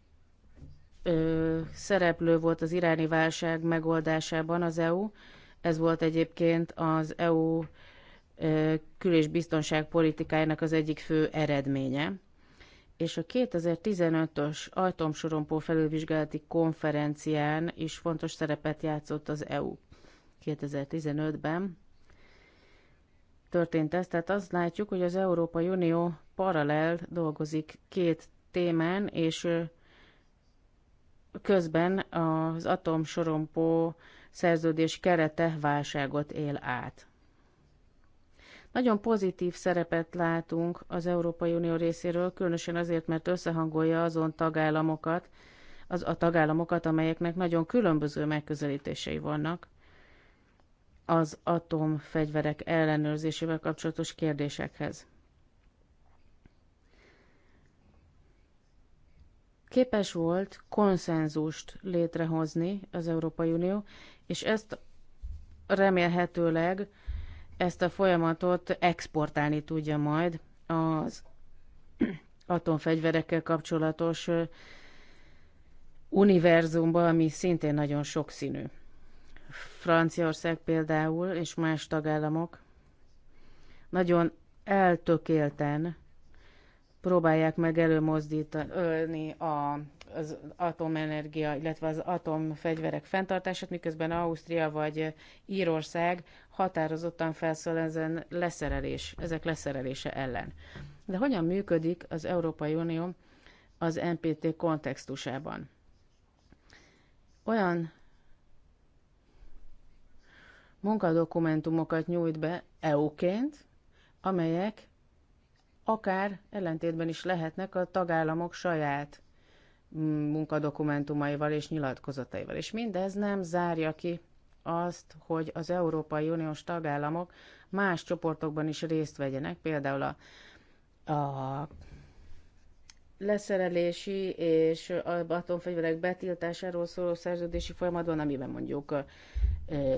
ö, szereplő volt az iráni válság megoldásában az EU. Ez volt egyébként az EU ö, kül- és biztonságpolitikájának az egyik fő eredménye. És a 2015-ös atomsorompó felülvizsgálati konferencián is fontos szerepet játszott az EU 2015-ben. Történt ez, tehát azt látjuk, hogy az Európai Unió paralel dolgozik két témán, és Közben az atomsorompó szerződés kerete válságot él át. Nagyon pozitív szerepet látunk az Európai Unió részéről, különösen azért, mert összehangolja azon tagállamokat, az a tagállamokat, amelyeknek nagyon különböző megközelítései vannak az atomfegyverek ellenőrzésével kapcsolatos kérdésekhez. képes volt konszenzust létrehozni az Európai Unió, és ezt remélhetőleg ezt a folyamatot exportálni tudja majd az atomfegyverekkel kapcsolatos univerzumba, ami szintén nagyon sokszínű. Franciaország például, és más tagállamok nagyon eltökélten próbálják meg előmozdítani a, az atomenergia, illetve az atomfegyverek fenntartását, miközben Ausztria vagy Írország határozottan felszól ezen leszerelés, ezek leszerelése ellen. De hogyan működik az Európai Unió az NPT kontextusában? Olyan munkadokumentumokat nyújt be EU-ként, amelyek akár ellentétben is lehetnek a tagállamok saját munkadokumentumaival és nyilatkozataival. És mindez nem zárja ki azt, hogy az Európai Uniós tagállamok más csoportokban is részt vegyenek, például a, a leszerelési és a atomfegyverek betiltásáról szóló szerződési folyamatban, amiben mondjuk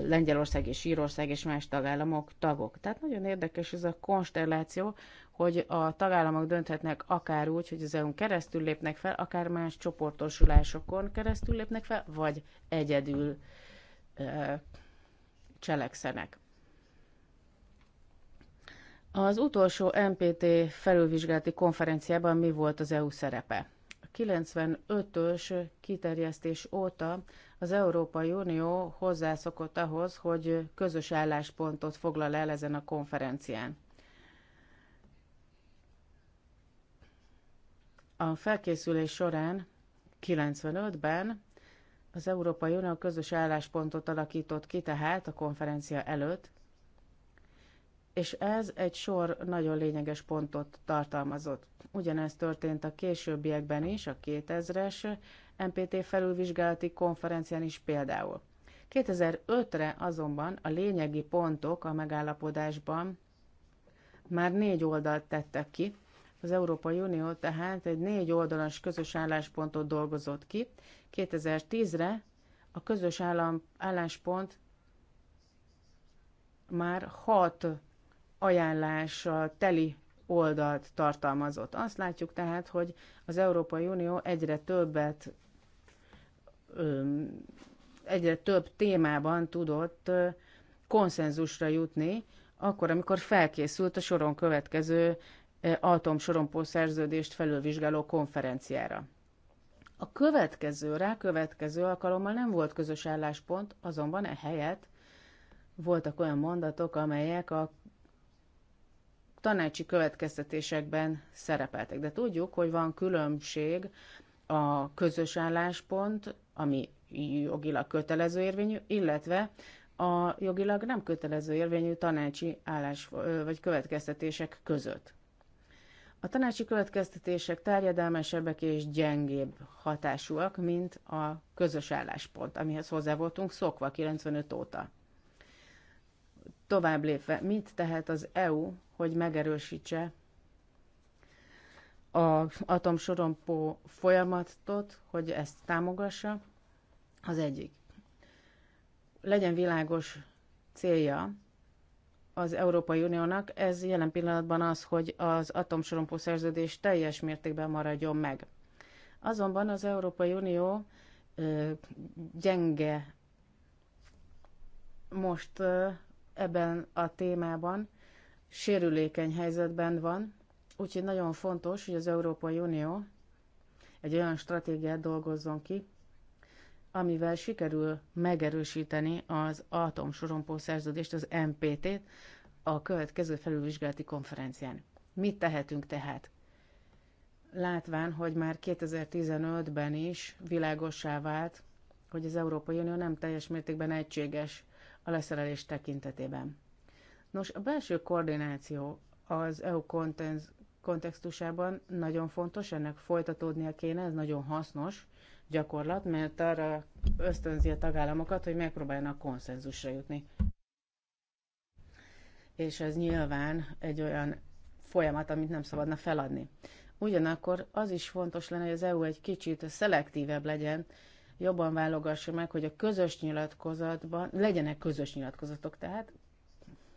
Lengyelország és Írország és más tagállamok tagok. Tehát nagyon érdekes ez a konstelláció, hogy a tagállamok dönthetnek akár úgy, hogy az EU-n keresztül lépnek fel, akár más csoportosulásokon keresztül lépnek fel, vagy egyedül ö, cselekszenek. Az utolsó MPT felülvizsgálati konferenciában mi volt az EU szerepe? A 95-ös kiterjesztés óta az Európai Unió hozzászokott ahhoz, hogy közös álláspontot foglal el ezen a konferencián. A felkészülés során 95-ben az Európai Unió közös álláspontot alakított ki tehát a konferencia előtt, és ez egy sor nagyon lényeges pontot tartalmazott. Ugyanez történt a későbbiekben is, a 2000-es MPT felülvizsgálati konferencián is például. 2005-re azonban a lényegi pontok a megállapodásban már négy oldalt tettek ki, az Európai Unió tehát egy négy oldalas közös álláspontot dolgozott ki. 2010-re a közös állam, álláspont már hat ajánlással teli oldalt tartalmazott. Azt látjuk tehát, hogy az Európai Unió egyre többet, egyre több témában tudott konszenzusra jutni, akkor, amikor felkészült a soron következő atomsorompó szerződést felülvizsgáló konferenciára. A következő, rá következő alkalommal nem volt közös álláspont, azonban ehelyett voltak olyan mondatok, amelyek a tanácsi következtetésekben szerepeltek. De tudjuk, hogy van különbség a közös álláspont, ami jogilag kötelező érvényű, illetve a jogilag nem kötelező érvényű tanácsi állás vagy következtetések között. A tanácsi következtetések terjedelmesebbek és gyengébb hatásúak, mint a közös álláspont, amihez hozzá voltunk szokva 95 óta. Tovább lépve, mit tehet az EU, hogy megerősítse az atomsorompó folyamatot, hogy ezt támogassa? Az egyik. Legyen világos célja az Európai Uniónak, ez jelen pillanatban az, hogy az atomsorompó szerződés teljes mértékben maradjon meg. Azonban az Európai Unió ö, gyenge most ö, ebben a témában, sérülékeny helyzetben van, úgyhogy nagyon fontos, hogy az Európai Unió egy olyan stratégiát dolgozzon ki, amivel sikerül megerősíteni az atomsorompó szerződést, az MPT-t a következő felülvizsgálati konferencián. Mit tehetünk tehát? Látván, hogy már 2015-ben is világossá vált, hogy az Európai Unió nem teljes mértékben egységes a leszerelés tekintetében. Nos, a belső koordináció az EU kontextusában nagyon fontos, ennek folytatódnia kéne, ez nagyon hasznos, gyakorlat, mert arra ösztönzi a tagállamokat, hogy megpróbáljanak konszenzusra jutni. És ez nyilván egy olyan folyamat, amit nem szabadna feladni. Ugyanakkor az is fontos lenne, hogy az EU egy kicsit szelektívebb legyen, jobban válogassa meg, hogy a közös nyilatkozatban legyenek közös nyilatkozatok, tehát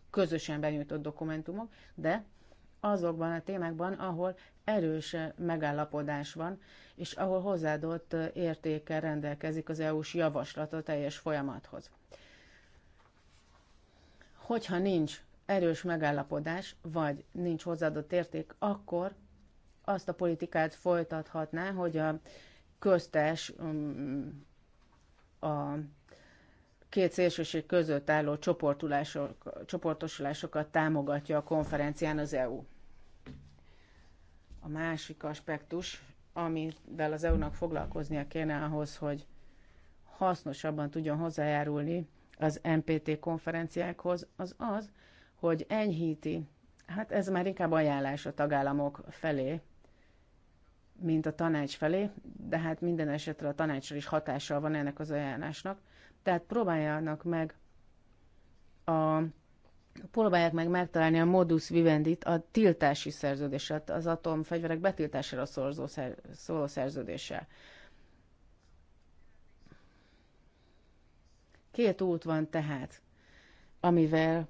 közösen benyújtott dokumentumok, de azokban a témákban, ahol erős megállapodás van, és ahol hozzáadott értékkel rendelkezik az EU-s javaslat a teljes folyamathoz. Hogyha nincs erős megállapodás, vagy nincs hozzáadott érték, akkor azt a politikát folytathatná, hogy a köztes mm, a két szélsőség között álló csoportosulásokat támogatja a konferencián az EU. A másik aspektus, amivel az EU-nak foglalkoznia kéne ahhoz, hogy hasznosabban tudjon hozzájárulni az NPT konferenciákhoz, az az, hogy enyhíti, hát ez már inkább ajánlás a tagállamok felé, mint a tanács felé, de hát minden esetre a tanácsra is hatással van ennek az ajánlásnak, tehát próbáljanak meg a próbálják meg megtalálni a modus vivendi a tiltási szerződéset, az atomfegyverek betiltására szóló, szerződése. Két út van tehát, amivel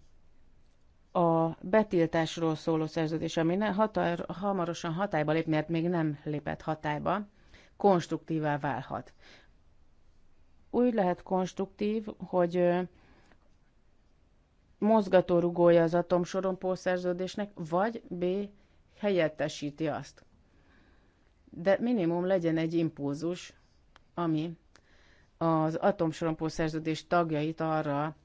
a betiltásról szóló szerződés, ami ne határ, hamarosan hatályba lép, mert még nem lépett hatályba, konstruktívá válhat úgy lehet konstruktív, hogy mozgatórugója az atomsorompó szerződésnek, vagy B. helyettesíti azt. De minimum legyen egy impulzus, ami az atomsorompó szerződés tagjait arra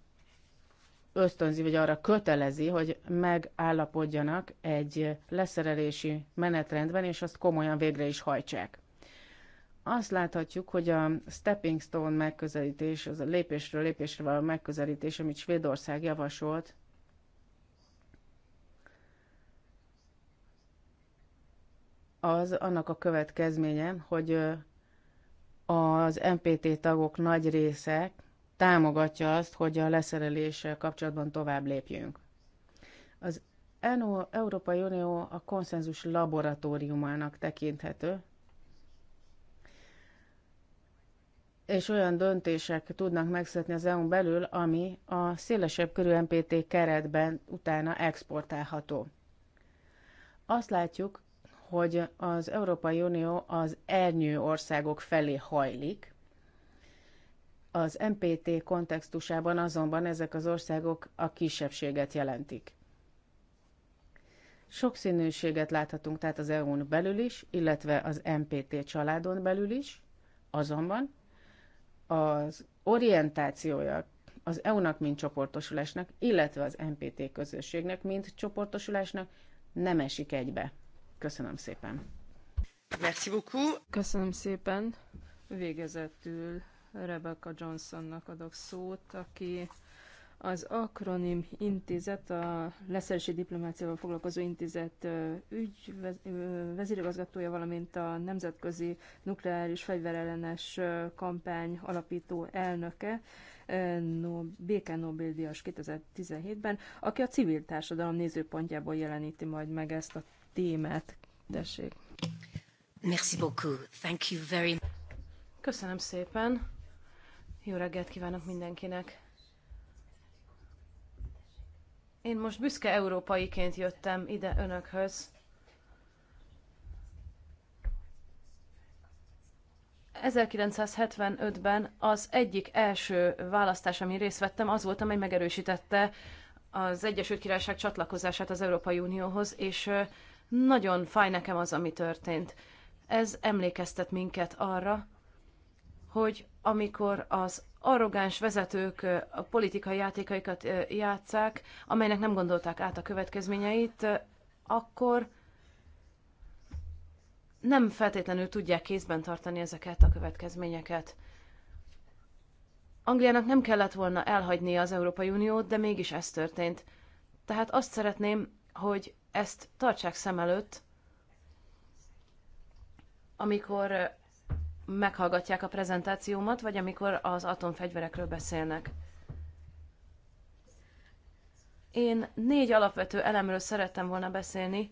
ösztönzi, vagy arra kötelezi, hogy megállapodjanak egy leszerelési menetrendben, és azt komolyan végre is hajtsák azt láthatjuk, hogy a stepping stone megközelítés, az a lépésről lépésre való megközelítés, amit Svédország javasolt, az annak a következménye, hogy az MPT tagok nagy része támogatja azt, hogy a leszereléssel kapcsolatban tovább lépjünk. Az Európai Unió a konszenzus laboratóriumának tekinthető, és olyan döntések tudnak megszületni az EU-n belül, ami a szélesebb körű MPT keretben utána exportálható. Azt látjuk, hogy az Európai Unió az ernyő országok felé hajlik. Az MPT kontextusában azonban ezek az országok a kisebbséget jelentik. Sokszínűséget láthatunk tehát az EU-n belül is, illetve az MPT családon belül is, azonban az orientációja az EU-nak, mint csoportosulásnak, illetve az NPT közösségnek, mint csoportosulásnak nem esik egybe. Köszönöm szépen. Merci beaucoup. Köszönöm szépen. Végezetül Rebecca Johnsonnak adok szót, aki az Akronim Intézet, a Leszelési diplomáciával foglalkozó intézet ügy vezérigazgatója, valamint a Nemzetközi Nukleáris Fegyverellenes Kampány alapító elnöke, no, Béke Nobel-díjas 2017-ben, aki a civil társadalom nézőpontjából jeleníti majd meg ezt a témát. Tessék. Merci beaucoup. Thank you very much. Köszönöm szépen. Jó reggelt kívánok mindenkinek. Én most büszke európaiként jöttem ide önökhöz. ...1975-ben az egyik első választás, amin részt vettem, az volt, amely megerősítette az Egyesült Királyság csatlakozását az Európai Unióhoz, és nagyon fáj nekem az, ami történt. Ez emlékeztet minket arra, hogy amikor az arrogáns vezetők a politikai játékaikat játszák, amelynek nem gondolták át a következményeit, akkor nem feltétlenül tudják kézben tartani ezeket a következményeket. Angliának nem kellett volna elhagynia az Európai Uniót, de mégis ez történt. Tehát azt szeretném, hogy ezt tartsák szem előtt, amikor meghallgatják a prezentációmat, vagy amikor az atomfegyverekről beszélnek. Én négy alapvető elemről szerettem volna beszélni,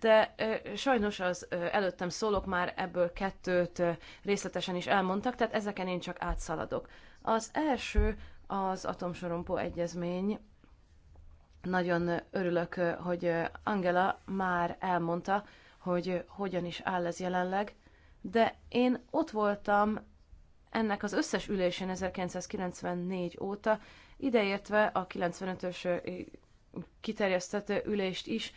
de sajnos az előttem szólok már ebből kettőt részletesen is elmondtak, tehát ezeken én csak átszaladok. Az első az atomsorompó egyezmény. Nagyon örülök, hogy Angela már elmondta, hogy hogyan is áll ez jelenleg de én ott voltam ennek az összes ülésén 1994 óta, ideértve a 95-ös kiterjesztető ülést is,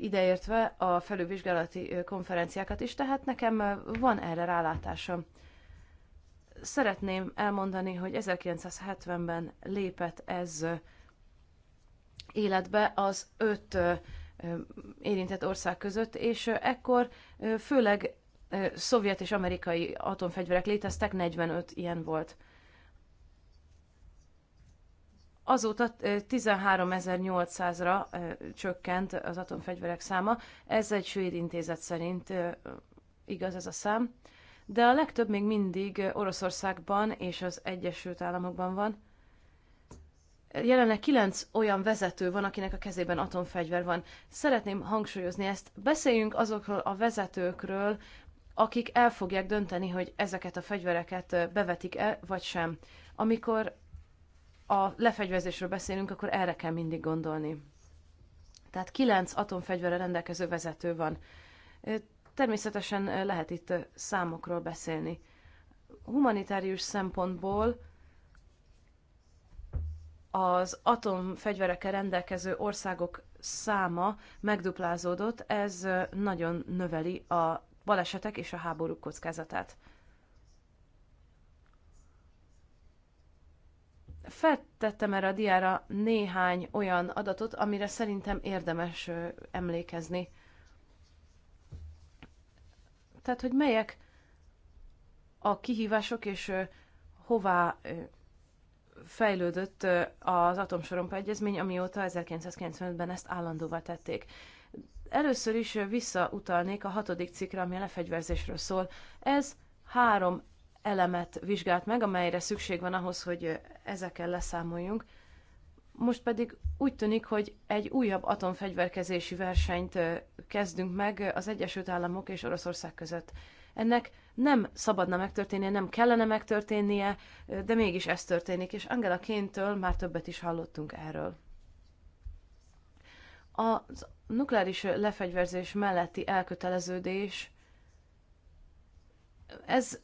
ideértve a felülvizsgálati konferenciákat is, tehát nekem van erre rálátásom. Szeretném elmondani, hogy 1970-ben lépett ez életbe az öt érintett ország között, és ekkor főleg szovjet és amerikai atomfegyverek léteztek, 45 ilyen volt. Azóta 13.800-ra csökkent az atomfegyverek száma. Ez egy svéd intézet szerint igaz ez a szám. De a legtöbb még mindig Oroszországban és az Egyesült Államokban van. Jelenleg kilenc olyan vezető van, akinek a kezében atomfegyver van. Szeretném hangsúlyozni ezt. Beszéljünk azokról a vezetőkről, akik el fogják dönteni, hogy ezeket a fegyvereket bevetik-e, vagy sem. Amikor a lefegyverzésről beszélünk, akkor erre kell mindig gondolni. Tehát kilenc atomfegyvere rendelkező vezető van. Természetesen lehet itt számokról beszélni. Humanitárius szempontból az atomfegyverekkel rendelkező országok száma megduplázódott, ez nagyon növeli a balesetek és a háborúk kockázatát. Feltettem erre a diára néhány olyan adatot, amire szerintem érdemes emlékezni. Tehát, hogy melyek a kihívások, és hová fejlődött az atomsorompa egyezmény, amióta 1995-ben ezt állandóvá tették. Először is visszautalnék a hatodik cikkre, ami a lefegyverzésről szól. Ez három elemet vizsgált meg, amelyre szükség van ahhoz, hogy ezekkel leszámoljunk. Most pedig úgy tűnik, hogy egy újabb atomfegyverkezési versenyt kezdünk meg az Egyesült Államok és Oroszország között. Ennek nem szabadna megtörténnie, nem kellene megtörténnie, de mégis ez történik, és Angela Kéntől már többet is hallottunk erről. A nukleáris lefegyverzés melletti elköteleződés, ez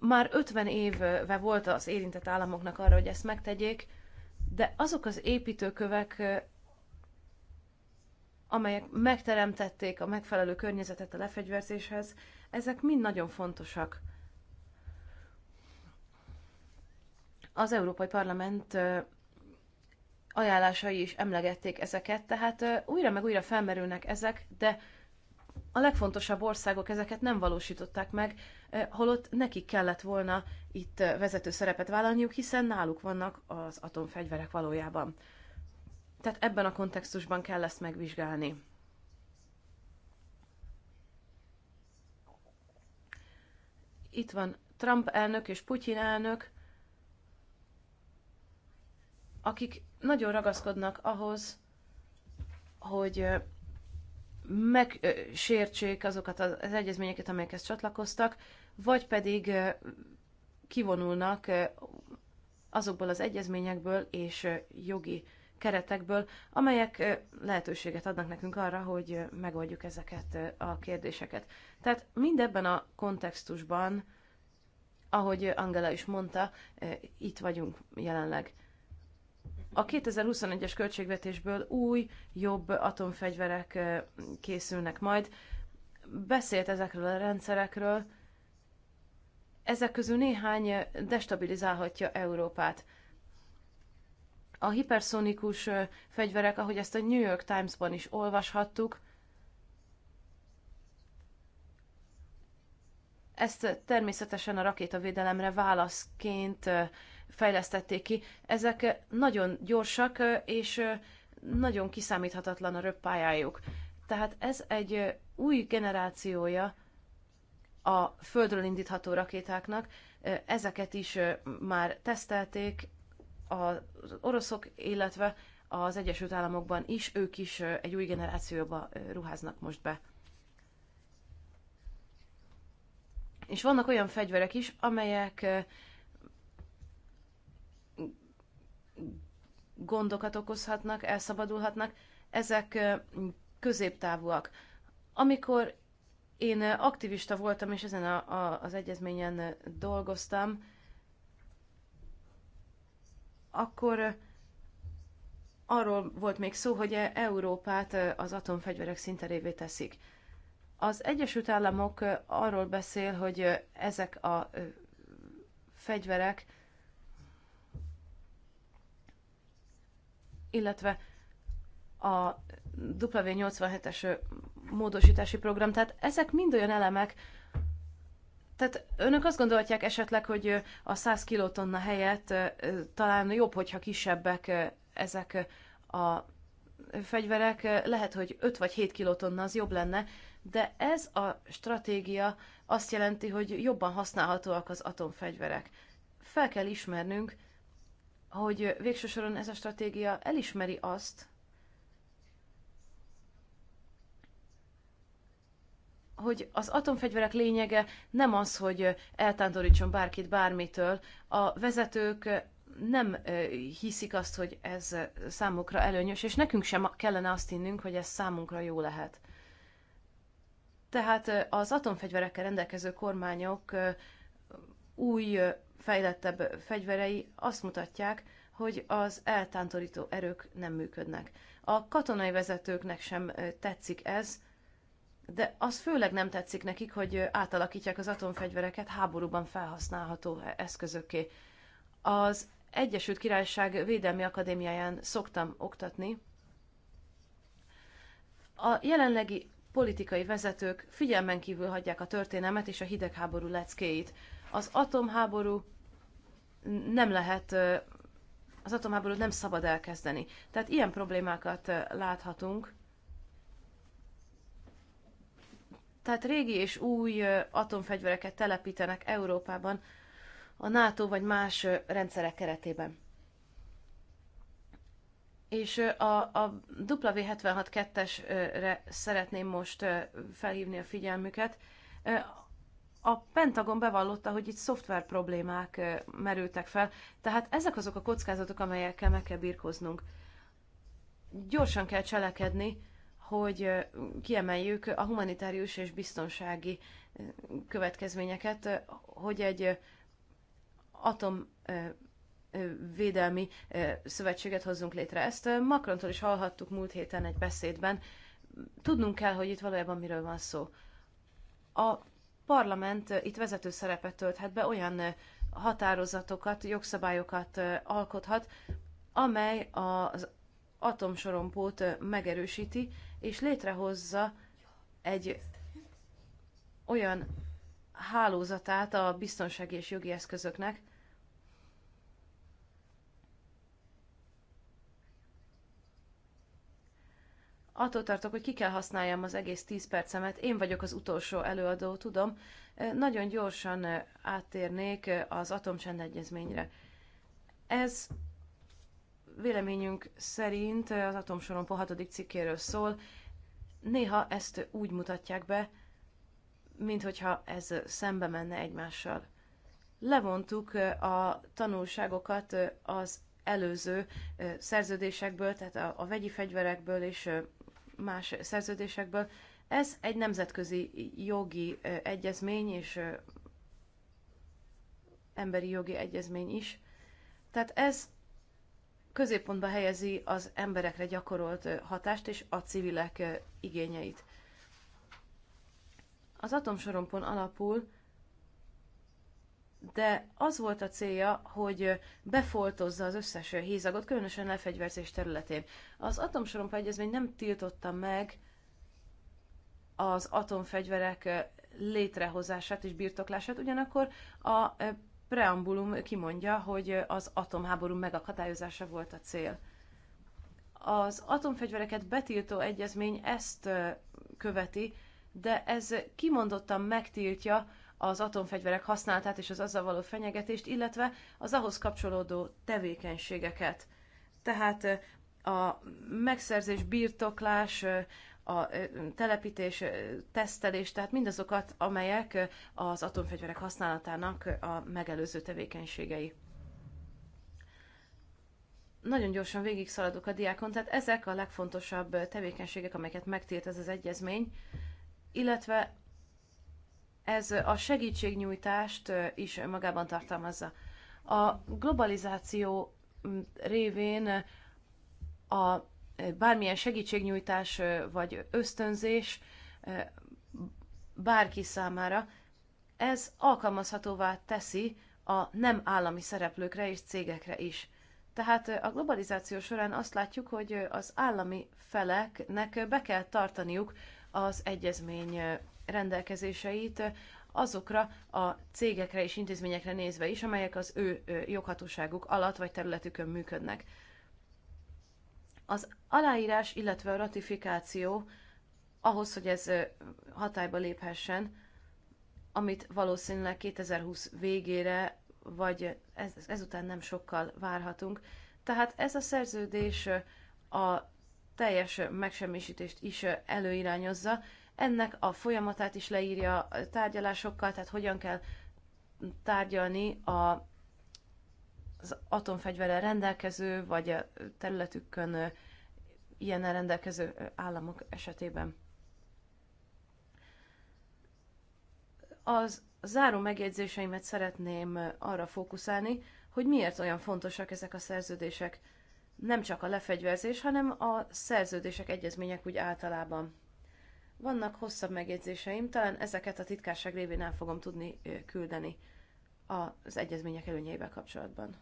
már 50 éve volt az érintett államoknak arra, hogy ezt megtegyék, de azok az építőkövek, amelyek megteremtették a megfelelő környezetet a lefegyverzéshez, ezek mind nagyon fontosak. Az Európai Parlament ajánlásai is emlegették ezeket, tehát újra meg újra felmerülnek ezek, de a legfontosabb országok ezeket nem valósították meg, holott nekik kellett volna itt vezető szerepet vállalniuk, hiszen náluk vannak az atomfegyverek valójában. Tehát ebben a kontextusban kell ezt megvizsgálni. Itt van Trump elnök és Putyin elnök, akik nagyon ragaszkodnak ahhoz, hogy megsértsék azokat az egyezményeket, amelyekhez csatlakoztak, vagy pedig kivonulnak azokból az egyezményekből és jogi keretekből, amelyek lehetőséget adnak nekünk arra, hogy megoldjuk ezeket a kérdéseket. Tehát mindebben a kontextusban, ahogy Angela is mondta, itt vagyunk jelenleg. A 2021-es költségvetésből új, jobb atomfegyverek készülnek majd. Beszélt ezekről a rendszerekről. Ezek közül néhány destabilizálhatja Európát. A hiperszonikus fegyverek, ahogy ezt a New York Times-ban is olvashattuk, ezt természetesen a rakétavédelemre válaszként fejlesztették ki. Ezek nagyon gyorsak, és nagyon kiszámíthatatlan a röppályájuk. Tehát ez egy új generációja a földről indítható rakétáknak. Ezeket is már tesztelték az oroszok, illetve az Egyesült Államokban is, ők is egy új generációba ruháznak most be. És vannak olyan fegyverek is, amelyek gondokat okozhatnak, elszabadulhatnak, ezek középtávúak. Amikor én aktivista voltam, és ezen a, a, az egyezményen dolgoztam, akkor arról volt még szó, hogy Európát az atomfegyverek szinterévé teszik. Az Egyesült Államok arról beszél, hogy ezek a fegyverek illetve a W87-es módosítási program. Tehát ezek mind olyan elemek, tehát önök azt gondolhatják esetleg, hogy a 100 kilotonna helyett talán jobb, hogyha kisebbek ezek a fegyverek, lehet, hogy 5 vagy 7 kilotonna az jobb lenne, de ez a stratégia azt jelenti, hogy jobban használhatóak az atomfegyverek. Fel kell ismernünk, hogy végső soron ez a stratégia elismeri azt, hogy az atomfegyverek lényege nem az, hogy eltántorítson bárkit bármitől. A vezetők nem hiszik azt, hogy ez számukra előnyös, és nekünk sem kellene azt hinnünk, hogy ez számunkra jó lehet. Tehát az atomfegyverekkel rendelkező kormányok új fejlettebb fegyverei azt mutatják, hogy az eltántorító erők nem működnek. A katonai vezetőknek sem tetszik ez, de az főleg nem tetszik nekik, hogy átalakítják az atomfegyvereket háborúban felhasználható e- eszközökké. Az Egyesült Királyság Védelmi Akadémiáján szoktam oktatni. A jelenlegi politikai vezetők figyelmen kívül hagyják a történelmet és a hidegháború leckéit. Az atomháború nem lehet, az atomháborút nem szabad elkezdeni. Tehát ilyen problémákat láthatunk. Tehát régi és új atomfegyvereket telepítenek Európában a NATO vagy más rendszerek keretében. És a, a W76-2-esre szeretném most felhívni a figyelmüket. A Pentagon bevallotta, hogy itt szoftver problémák merültek fel, tehát ezek azok a kockázatok, amelyekkel meg kell birkoznunk. Gyorsan kell cselekedni, hogy kiemeljük a humanitárius és biztonsági következményeket, hogy egy atomvédelmi szövetséget hozzunk létre. Ezt Macrontól is hallhattuk múlt héten egy beszédben. Tudnunk kell, hogy itt valójában miről van szó. A parlament itt vezető szerepet tölthet be, olyan határozatokat, jogszabályokat alkothat, amely az atomsorompót megerősíti, és létrehozza egy olyan hálózatát a biztonsági és jogi eszközöknek, attól tartok, hogy ki kell használjam az egész 10 percemet. Én vagyok az utolsó előadó, tudom. Eh, nagyon gyorsan eh, áttérnék eh, az atomcsend egyezményre. Ez véleményünk szerint az atomsorompó 6. cikkéről szól. Néha ezt úgy mutatják be, minthogyha ez szembe menne egymással. Levontuk a tanulságokat az előző szerződésekből, tehát a, a vegyi fegyverekből és más szerződésekből. Ez egy nemzetközi jogi egyezmény és emberi jogi egyezmény is. Tehát ez középpontba helyezi az emberekre gyakorolt hatást és a civilek igényeit. Az atomsorompon alapul de az volt a célja, hogy befoltozza az összes hízagot, különösen lefegyverzés területén. Az atomsorompa egyezmény nem tiltotta meg az atomfegyverek létrehozását és birtoklását, ugyanakkor a preambulum kimondja, hogy az atomháború megakadályozása volt a cél. Az atomfegyvereket betiltó egyezmény ezt követi, de ez kimondottan megtiltja, az atomfegyverek használatát és az azzal való fenyegetést, illetve az ahhoz kapcsolódó tevékenységeket. Tehát a megszerzés, birtoklás, a telepítés, tesztelés, tehát mindazokat, amelyek az atomfegyverek használatának a megelőző tevékenységei. Nagyon gyorsan végig szaladok a diákon, tehát ezek a legfontosabb tevékenységek, amelyeket megtilt ez az egyezmény, illetve ez a segítségnyújtást is magában tartalmazza. A globalizáció révén a bármilyen segítségnyújtás vagy ösztönzés bárki számára, ez alkalmazhatóvá teszi a nem állami szereplőkre és cégekre is. Tehát a globalizáció során azt látjuk, hogy az állami feleknek be kell tartaniuk az egyezmény rendelkezéseit azokra a cégekre és intézményekre nézve is, amelyek az ő joghatóságuk alatt vagy területükön működnek. Az aláírás, illetve a ratifikáció ahhoz, hogy ez hatályba léphessen, amit valószínűleg 2020 végére, vagy ez, ezután nem sokkal várhatunk. Tehát ez a szerződés a teljes megsemmisítést is előirányozza, ennek a folyamatát is leírja tárgyalásokkal, tehát hogyan kell tárgyalni a, az atomfegyverrel rendelkező, vagy a területükön ilyen rendelkező államok esetében. Az záró megjegyzéseimet szeretném arra fókuszálni, hogy miért olyan fontosak ezek a szerződések. Nem csak a lefegyverzés, hanem a szerződések, egyezmények úgy általában. Vannak hosszabb megjegyzéseim, talán ezeket a titkárság révén el fogom tudni küldeni az egyezmények előnyeivel kapcsolatban.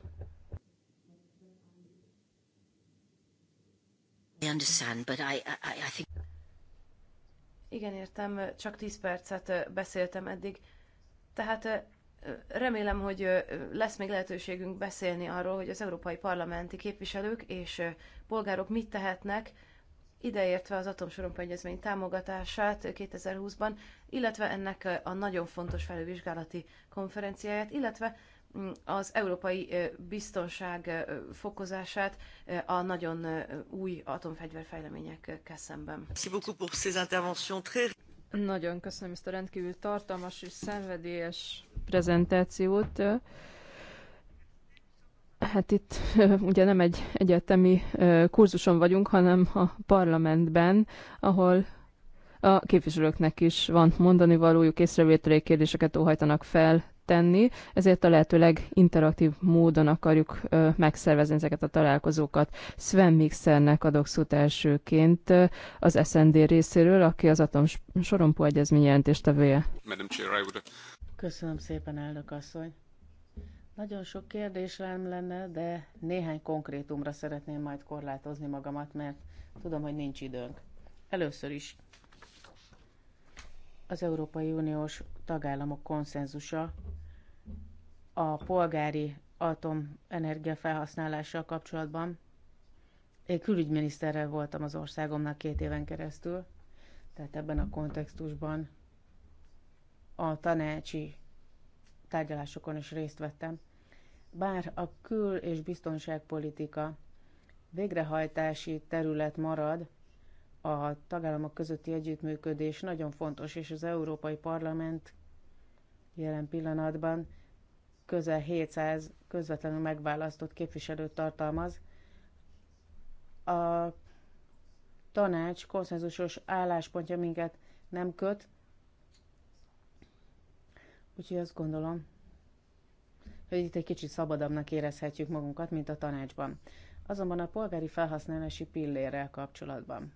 I understand, but I, I, I think... Igen, értem, csak 10 percet beszéltem eddig. Tehát remélem, hogy lesz még lehetőségünk beszélni arról, hogy az európai parlamenti képviselők és polgárok mit tehetnek, ideértve az atomsorompa egyezmény támogatását 2020-ban, illetve ennek a nagyon fontos felülvizsgálati konferenciáját, illetve mm, az európai biztonság fokozását a nagyon új atomfegyver fejleményekkel szemben. Nagyon köszönöm ezt a rendkívül tartalmas és szenvedélyes prezentációt. Hát itt ugye nem egy egyetemi kurzuson vagyunk, hanem a parlamentben, ahol a képviselőknek is van mondani valójuk, észrevételé kérdéseket óhajtanak fel tenni, ezért a lehető leginteraktív módon akarjuk ö, megszervezni ezeket a találkozókat. Sven Mixernek adok szót elsőként ö, az SND részéről, aki az Atom Sorompó Egyezmény jelentéstevője. Köszönöm szépen, elnök asszony. Nagyon sok kérdésem lenne, de néhány konkrétumra szeretném majd korlátozni magamat, mert tudom, hogy nincs időnk. Először is az Európai Uniós tagállamok konszenzusa a polgári atomenergia felhasználással kapcsolatban. Én külügyminiszterrel voltam az országomnak két éven keresztül, tehát ebben a kontextusban a tanácsi tárgyalásokon is részt vettem. Bár a kül- és biztonságpolitika végrehajtási terület marad, a tagállamok közötti együttműködés nagyon fontos, és az Európai Parlament jelen pillanatban közel 700 közvetlenül megválasztott képviselőt tartalmaz. A tanács konszenzusos álláspontja minket nem köt, Úgyhogy azt gondolom, hogy itt egy kicsit szabadabbnak érezhetjük magunkat, mint a tanácsban. Azonban a polgári felhasználási pillérrel kapcsolatban.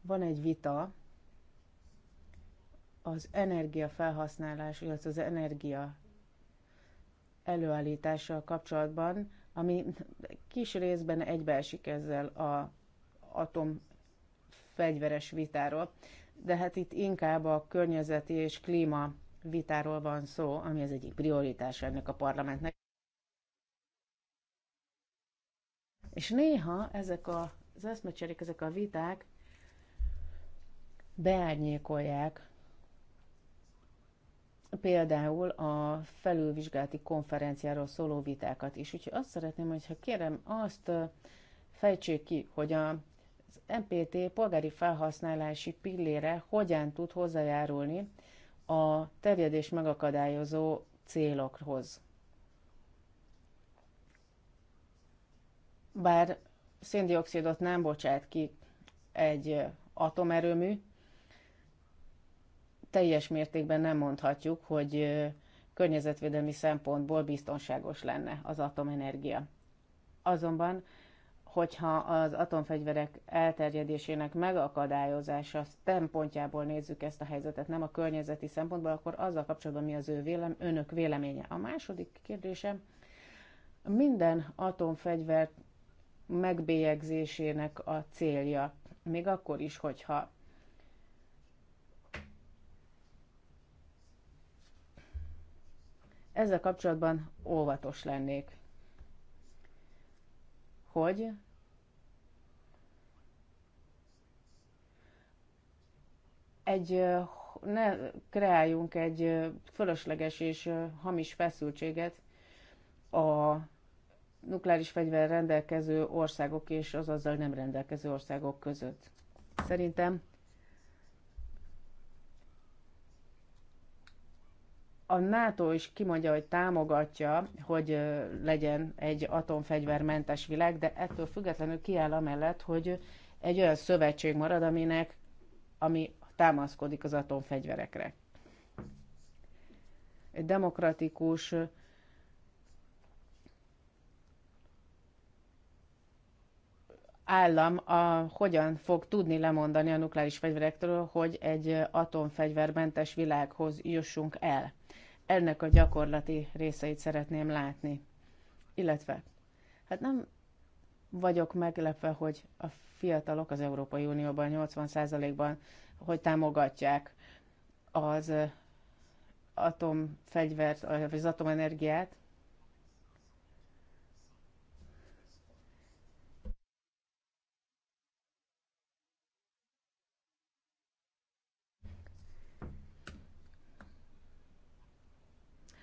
Van egy vita az energiafelhasználás, illetve az energia előállítással kapcsolatban, ami kis részben egybeesik ezzel a atom fegyveres vitáról de hát itt inkább a környezeti és klíma vitáról van szó, ami az egyik prioritás ennek a parlamentnek. És néha ezek a, az eszmecserék, ezek a viták beárnyékolják például a felülvizsgálati konferenciáról szóló vitákat is. Úgyhogy azt szeretném, hogyha kérem, azt fejtsék ki, hogy a MPT polgári felhasználási pillére hogyan tud hozzájárulni a terjedés megakadályozó célokhoz. Bár széndiokszidot nem bocsát ki egy atomerőmű, teljes mértékben nem mondhatjuk, hogy környezetvédelmi szempontból biztonságos lenne az atomenergia. Azonban hogyha az atomfegyverek elterjedésének megakadályozása szempontjából nézzük ezt a helyzetet, nem a környezeti szempontból, akkor azzal kapcsolatban mi az ő vélem, önök véleménye. A második kérdésem, minden atomfegyver megbélyegzésének a célja, még akkor is, hogyha ezzel kapcsolatban óvatos lennék, hogy egy, ne kreáljunk egy fölösleges és hamis feszültséget a nukleáris fegyver rendelkező országok és az azzal nem rendelkező országok között. Szerintem a NATO is kimondja, hogy támogatja, hogy legyen egy atomfegyvermentes világ, de ettől függetlenül kiáll amellett, hogy egy olyan szövetség marad, aminek, ami támaszkodik az atomfegyverekre. Egy demokratikus állam a, hogyan fog tudni lemondani a nukleáris fegyverektől, hogy egy atomfegyvermentes világhoz jussunk el. Ennek a gyakorlati részeit szeretném látni. Illetve, hát nem vagyok meglepve, hogy a fiatalok az Európai Unióban 80%-ban hogy támogatják az atomfegyvert, vagy az atomenergiát.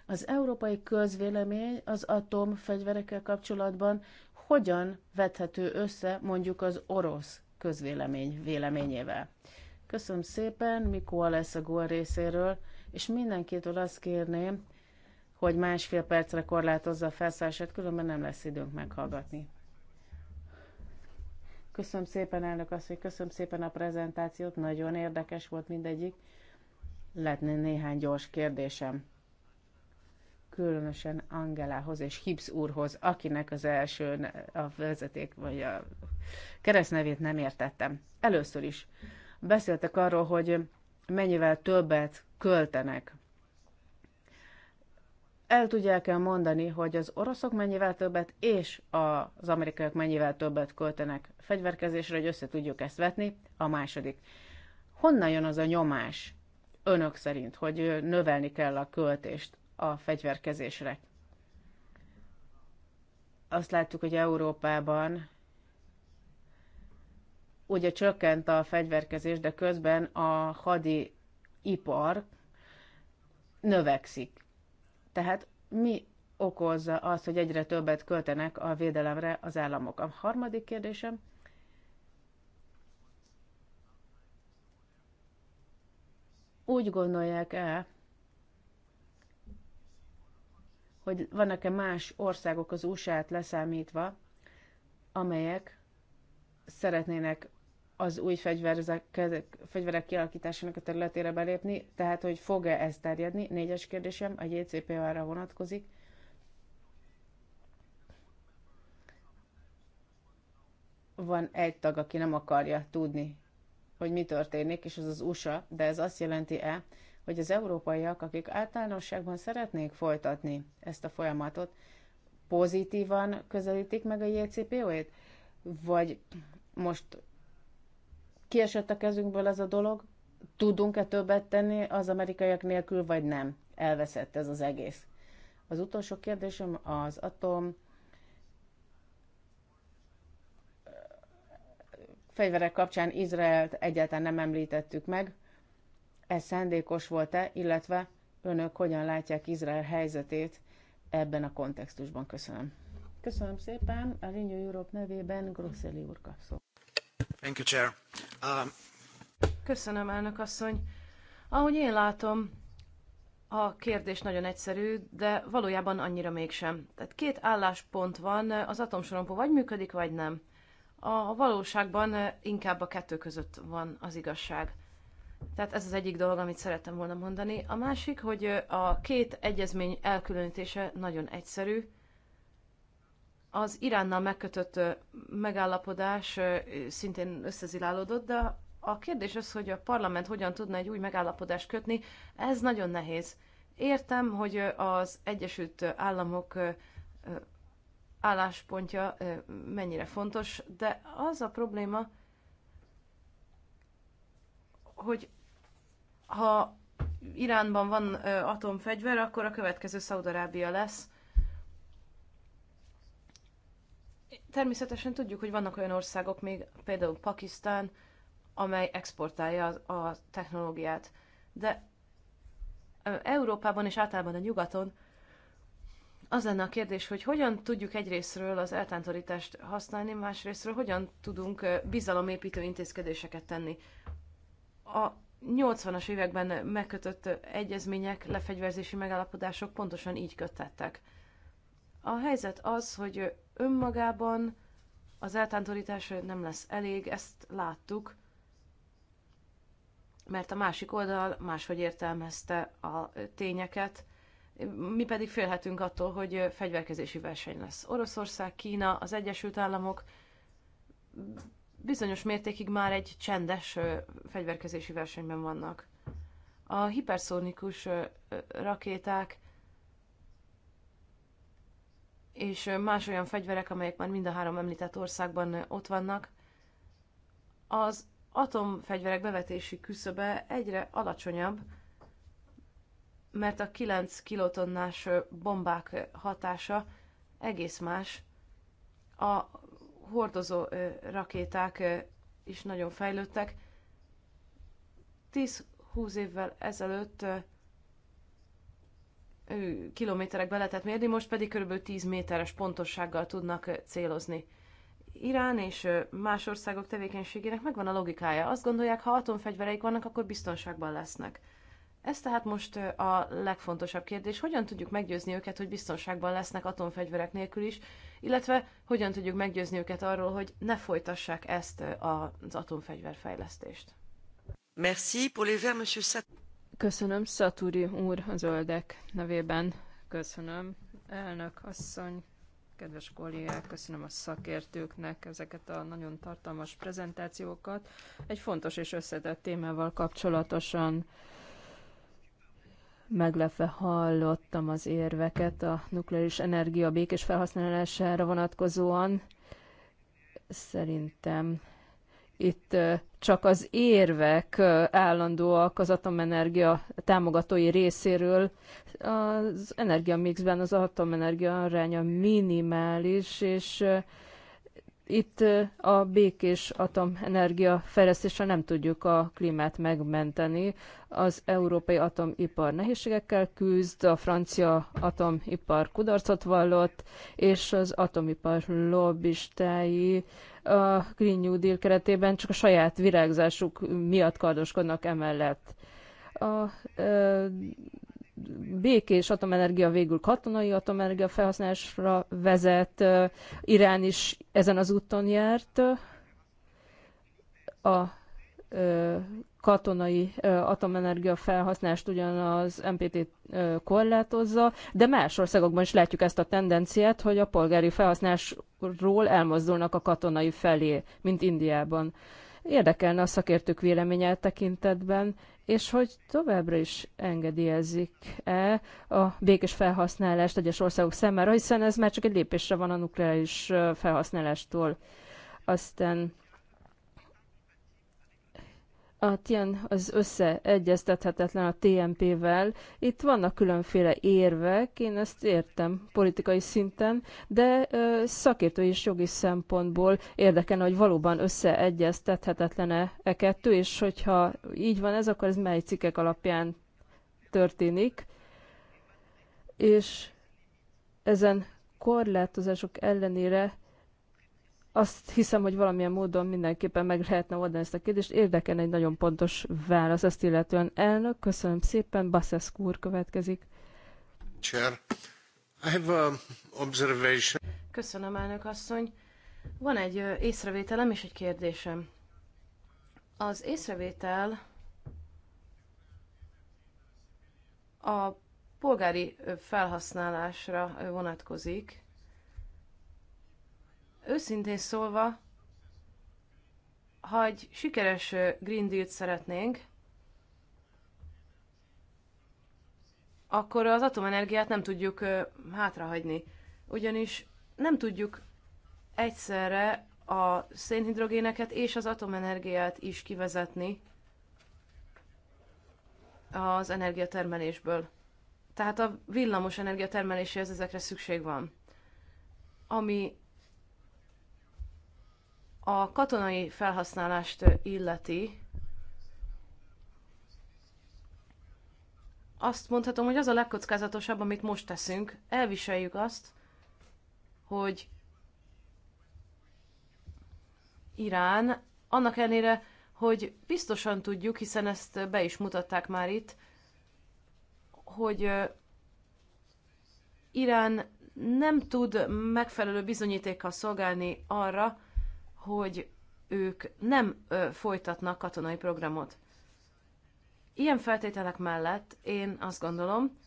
Az európai közvélemény az atomfegyverekkel kapcsolatban hogyan vethető össze mondjuk az orosz közvélemény véleményével? Köszönöm szépen, Mikó lesz a gól részéről, és mindenkitől azt kérném, hogy másfél percre korlátozza a felszállását, különben nem lesz időnk meghallgatni. Köszönöm szépen, elnök asszony, köszönöm szépen a prezentációt, nagyon érdekes volt mindegyik. Lehetne néhány gyors kérdésem különösen Angelához és Hibbs úrhoz, akinek az első a vezeték vagy a keresztnevét nem értettem. Először is beszéltek arról, hogy mennyivel többet költenek. El tudják-e mondani, hogy az oroszok mennyivel többet és az amerikaiak mennyivel többet költenek fegyverkezésre, hogy össze tudjuk ezt vetni? A második. Honnan jön az a nyomás önök szerint, hogy növelni kell a költést a fegyverkezésre? Azt láttuk, hogy Európában ugye csökkent a fegyverkezés, de közben a hadi ipar növekszik. Tehát mi okozza azt, hogy egyre többet költenek a védelemre az államok? A harmadik kérdésem, úgy gondolják-e, hogy vannak-e más országok az USA-t leszámítva, amelyek szeretnének az új fegyverek kialakításának a területére belépni, tehát hogy fog-e ez terjedni? Négyes kérdésem, a JCPOR-ra vonatkozik. Van egy tag, aki nem akarja tudni, hogy mi történik, és az az USA, de ez azt jelenti-e, hogy az európaiak, akik általánosságban szeretnék folytatni ezt a folyamatot, pozitívan közelítik meg a jcpo ét vagy most kiesett a kezünkből ez a dolog, tudunk-e többet tenni az amerikaiak nélkül, vagy nem? Elveszett ez az egész. Az utolsó kérdésem az atom fegyverek kapcsán Izraelt egyáltalán nem említettük meg. Ez szándékos volt-e, illetve önök hogyan látják Izrael helyzetét ebben a kontextusban? Köszönöm. Köszönöm szépen. A Renew Europe nevében Grosszeli úr kap Thank you, Chair. Um... Köszönöm, elnök asszony. Ahogy én látom, a kérdés nagyon egyszerű, de valójában annyira mégsem. Tehát két álláspont van, az atomsorompó vagy működik, vagy nem. A valóságban inkább a kettő között van az igazság. Tehát ez az egyik dolog, amit szerettem volna mondani. A másik, hogy a két egyezmény elkülönítése nagyon egyszerű, az Iránnal megkötött megállapodás szintén összezilálódott, de a kérdés az, hogy a parlament hogyan tudna egy új megállapodást kötni, ez nagyon nehéz. Értem, hogy az Egyesült Államok álláspontja mennyire fontos, de az a probléma, hogy ha Iránban van atomfegyver, akkor a következő Szaudarábia lesz, Természetesen tudjuk, hogy vannak olyan országok, még például Pakisztán, amely exportálja a technológiát. De Európában és általában a nyugaton az lenne a kérdés, hogy hogyan tudjuk egyrésztről az eltántorítást használni, másrésztről hogyan tudunk bizalomépítő intézkedéseket tenni. A 80-as években megkötött egyezmények, lefegyverzési megállapodások pontosan így kötettek. A helyzet az, hogy önmagában az eltántorításra nem lesz elég, ezt láttuk, mert a másik oldal máshogy értelmezte a tényeket, mi pedig félhetünk attól, hogy fegyverkezési verseny lesz. Oroszország, Kína, az Egyesült Államok bizonyos mértékig már egy csendes fegyverkezési versenyben vannak. A hiperszónikus rakéták és más olyan fegyverek, amelyek már mind a három említett országban ott vannak, az atomfegyverek bevetési küszöbe egyre alacsonyabb, mert a 9 kilotonnás bombák hatása egész más. A hordozó rakéták is nagyon fejlődtek. 10-20 évvel ezelőtt kilométerekbe lehetett mérni, most pedig kb. 10 méteres pontossággal tudnak célozni. Irán és más országok tevékenységének megvan a logikája. Azt gondolják, ha atomfegyvereik vannak, akkor biztonságban lesznek. Ez tehát most a legfontosabb kérdés, hogyan tudjuk meggyőzni őket, hogy biztonságban lesznek atomfegyverek nélkül is, illetve hogyan tudjuk meggyőzni őket arról, hogy ne folytassák ezt az atomfegyverfejlesztést. Merci pour les verts, monsieur Sat- Köszönöm, Szatúri úr, a zöldek nevében. Köszönöm, elnök asszony, kedves kollégák, köszönöm a szakértőknek ezeket a nagyon tartalmas prezentációkat. Egy fontos és összetett témával kapcsolatosan meglepve hallottam az érveket a nukleáris energia békés felhasználására vonatkozóan. Szerintem itt csak az érvek állandóak az atomenergia támogatói részéről. Az energiamixben az atomenergia aránya minimális, és itt a békés atomenergia fejlesztésre nem tudjuk a klímát megmenteni. Az európai atomipar nehézségekkel küzd, a francia atomipar kudarcot vallott, és az atomipar lobbistái a Green New Deal keretében csak a saját virágzásuk miatt kardoskodnak emellett. A ö, békés atomenergia végül katonai atomenergia felhasználásra vezet. Irán is ezen az úton járt. A katonai atomenergia felhasználást ugyan az MPT korlátozza, de más országokban is látjuk ezt a tendenciát, hogy a polgári felhasználásról elmozdulnak a katonai felé, mint Indiában. Érdekelne a szakértők véleménye e tekintetben, és hogy továbbra is engedélyezik-e a békés felhasználást egyes országok számára, hiszen ez már csak egy lépésre van a nukleáris felhasználástól. Aztán a TIEN az összeegyeztethetetlen a TMP-vel. Itt vannak különféle érvek, én ezt értem politikai szinten, de szakértői és jogi szempontból érdekelne, hogy valóban összeegyeztethetetlen-e e kettő, és hogyha így van ez, akkor ez mely cikkek alapján történik. És ezen korlátozások ellenére azt hiszem, hogy valamilyen módon mindenképpen meg lehetne oldani ezt a kérdést. Érdekel egy nagyon pontos válasz ezt illetően. Elnök, köszönöm szépen. Baszeszkú úr következik. Chair, I have um, observation. Köszönöm, elnök asszony. Van egy észrevételem és egy kérdésem. Az észrevétel a polgári felhasználásra vonatkozik, Őszintén szólva, ha egy sikeres Green Deal-t szeretnénk, akkor az atomenergiát nem tudjuk hátrahagyni. Ugyanis nem tudjuk egyszerre a szénhidrogéneket és az atomenergiát is kivezetni az energiatermelésből. Tehát a villamos energiatermeléséhez ezekre szükség van. Ami a katonai felhasználást illeti, azt mondhatom, hogy az a legkockázatosabb, amit most teszünk, elviseljük azt, hogy Irán, annak ellenére, hogy biztosan tudjuk, hiszen ezt be is mutatták már itt, hogy Irán nem tud megfelelő bizonyítékkal szolgálni arra, hogy ők nem ö, folytatnak katonai programot. Ilyen feltételek mellett én azt gondolom,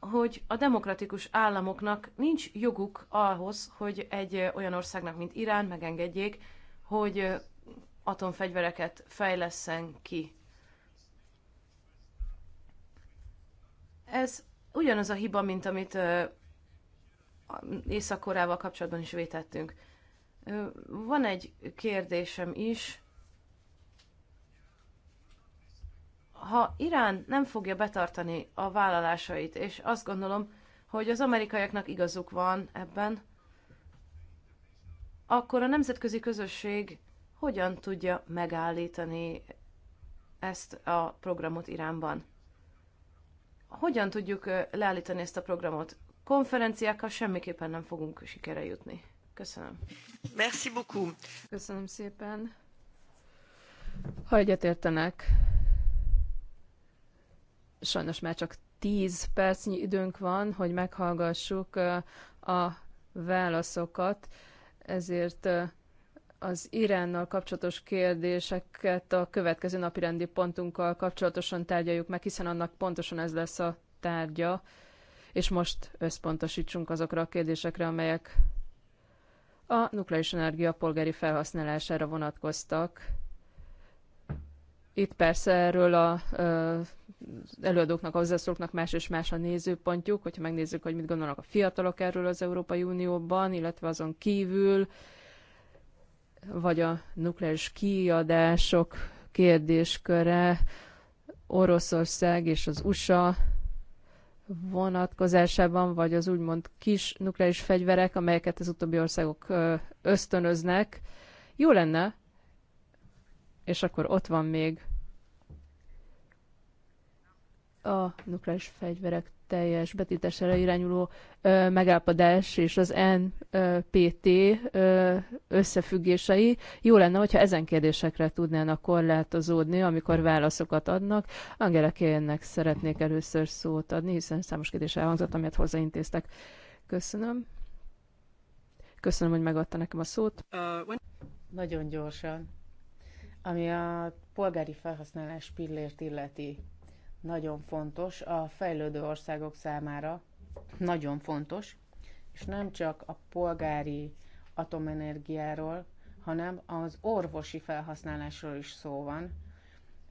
hogy a demokratikus államoknak nincs joguk ahhoz, hogy egy olyan országnak, mint Irán megengedjék, hogy atomfegyvereket fejleszen ki. Ez ugyanaz a hiba, mint amit Észak-Koreával kapcsolatban is vétettünk. Van egy kérdésem is. Ha Irán nem fogja betartani a vállalásait, és azt gondolom, hogy az amerikaiaknak igazuk van ebben, akkor a nemzetközi közösség hogyan tudja megállítani ezt a programot Iránban? Hogyan tudjuk leállítani ezt a programot? Konferenciákkal semmiképpen nem fogunk sikere jutni. Köszönöm. Merci beaucoup. Köszönöm szépen. Ha egyetértenek, sajnos már csak tíz percnyi időnk van, hogy meghallgassuk uh, a válaszokat, ezért uh, az Iránnal kapcsolatos kérdéseket a következő napi rendi pontunkkal kapcsolatosan tárgyaljuk meg, hiszen annak pontosan ez lesz a tárgya, és most összpontosítsunk azokra a kérdésekre, amelyek a nukleáris energia polgári felhasználására vonatkoztak. Itt persze erről a előadóknak, a hozzászólóknak más és más a nézőpontjuk, hogyha megnézzük, hogy mit gondolnak a fiatalok erről az Európai Unióban, illetve azon kívül, vagy a nukleáris kiadások kérdésköre, Oroszország és az USA vonatkozásában, vagy az úgymond kis nukleáris fegyverek, amelyeket az utóbbi országok ösztönöznek. Jó lenne, és akkor ott van még a nukleáris fegyverek teljes betítésre irányuló ö, megállapodás és az NPT ö, összefüggései. Jó lenne, hogyha ezen kérdésekre tudnának korlátozódni, amikor válaszokat adnak. Angela Kénnek szeretnék először szót adni, hiszen számos kérdés elhangzott, amit hozzáintéztek. Köszönöm. Köszönöm, hogy megadta nekem a szót. Nagyon gyorsan. Ami a polgári felhasználás pillért illeti, nagyon fontos a fejlődő országok számára, nagyon fontos, és nem csak a polgári atomenergiáról, hanem az orvosi felhasználásról is szó van.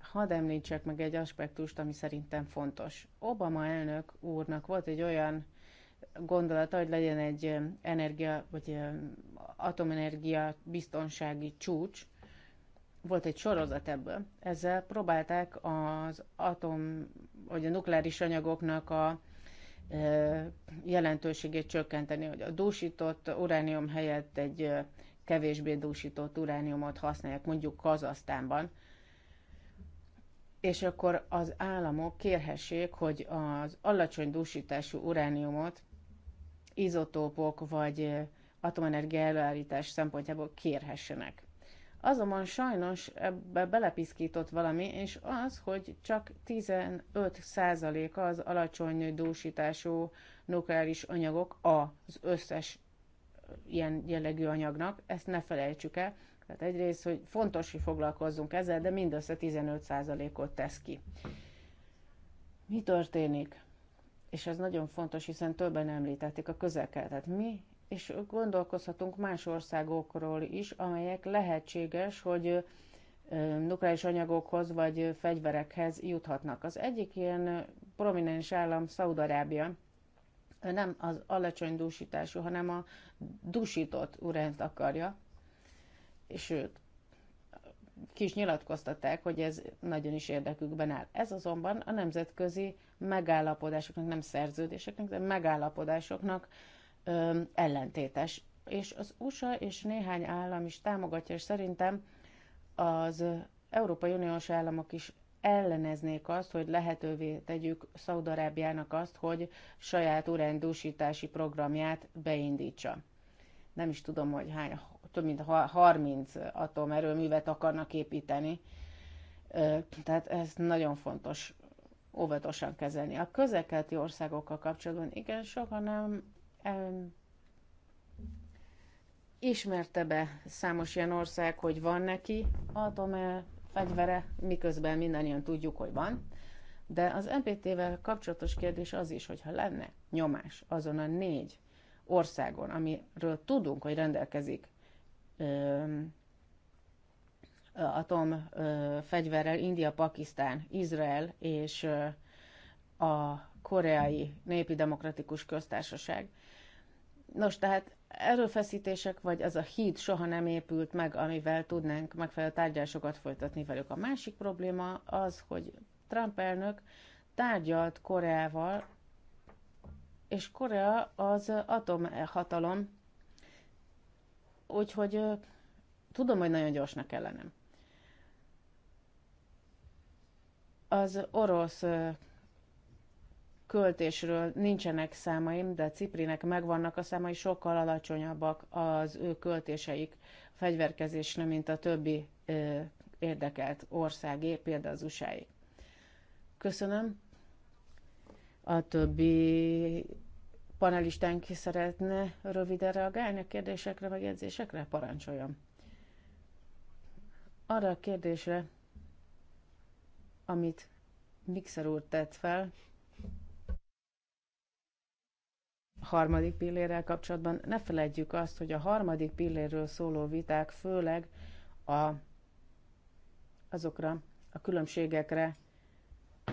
Hadd említsek meg egy aspektust, ami szerintem fontos. Obama elnök úrnak volt egy olyan gondolata, hogy legyen egy energia, vagy atomenergia biztonsági csúcs, volt egy sorozat ebből. Ezzel próbálták az atom, vagy a nukleáris anyagoknak a e, jelentőségét csökkenteni, hogy a dúsított uránium helyett egy kevésbé dúsított urániumot használják, mondjuk Kazasztánban, és akkor az államok kérhessék, hogy az alacsony dúsítású urániumot izotópok vagy atomenergia előállítás szempontjából kérhessenek. Azonban sajnos ebbe belepiszkított valami, és az, hogy csak 15% az alacsony dúsítású nukleáris anyagok az összes ilyen jellegű anyagnak, ezt ne felejtsük el. Tehát egyrészt, hogy fontos, hogy foglalkozzunk ezzel, de mindössze 15%-ot tesz ki. Mi történik? És ez nagyon fontos, hiszen többen említették a közel-keletet. Mi és gondolkozhatunk más országokról is, amelyek lehetséges, hogy nukleáris anyagokhoz vagy fegyverekhez juthatnak. Az egyik ilyen prominens állam Szaudarábia, nem az alacsony dúsítású, hanem a dusított uránt akarja. És sőt, kis nyilatkoztatták, hogy ez nagyon is érdekükben áll. Ez azonban a nemzetközi megállapodásoknak, nem szerződéseknek, de megállapodásoknak ö, ellentétes. És az USA és néhány állam is támogatja, és szerintem az Európai Uniós államok is elleneznék azt, hogy lehetővé tegyük Szaudarábiának azt, hogy saját urendúsítási programját beindítsa. Nem is tudom, hogy hány, több mint 30 atomerőművet akarnak építeni. Tehát ez nagyon fontos óvatosan kezelni. A közelkelti országokkal kapcsolatban igen, sokan nem um, ismerte be számos ilyen ország, hogy van neki atom fegyvere, miközben mindannyian tudjuk, hogy van. De az NPT-vel kapcsolatos kérdés az is, hogyha lenne nyomás azon a négy országon, amiről tudunk, hogy rendelkezik öm, atom fegyverrel, India, Pakisztán, Izrael és a koreai népi demokratikus köztársaság, Nos, tehát erőfeszítések, vagy az a híd soha nem épült meg, amivel tudnánk megfelelő tárgyalásokat folytatni velük. A másik probléma az, hogy Trump elnök tárgyalt Koreával, és Korea az atomhatalom, úgyhogy tudom, hogy nagyon gyorsnak ellenem. Az orosz költésről nincsenek számaim, de Ciprinek megvannak a számai, sokkal alacsonyabbak az ő költéseik a fegyverkezésre, mint a többi ö, érdekelt országé, például az usa -i. Köszönöm. A többi panelistánk ki szeretne röviden reagálni a kérdésekre, edzésekre? Parancsoljon. Arra a kérdésre, amit Mixer úr tett fel, harmadik pillérrel kapcsolatban ne felejtjük azt, hogy a harmadik pillérről szóló viták főleg a, azokra a különbségekre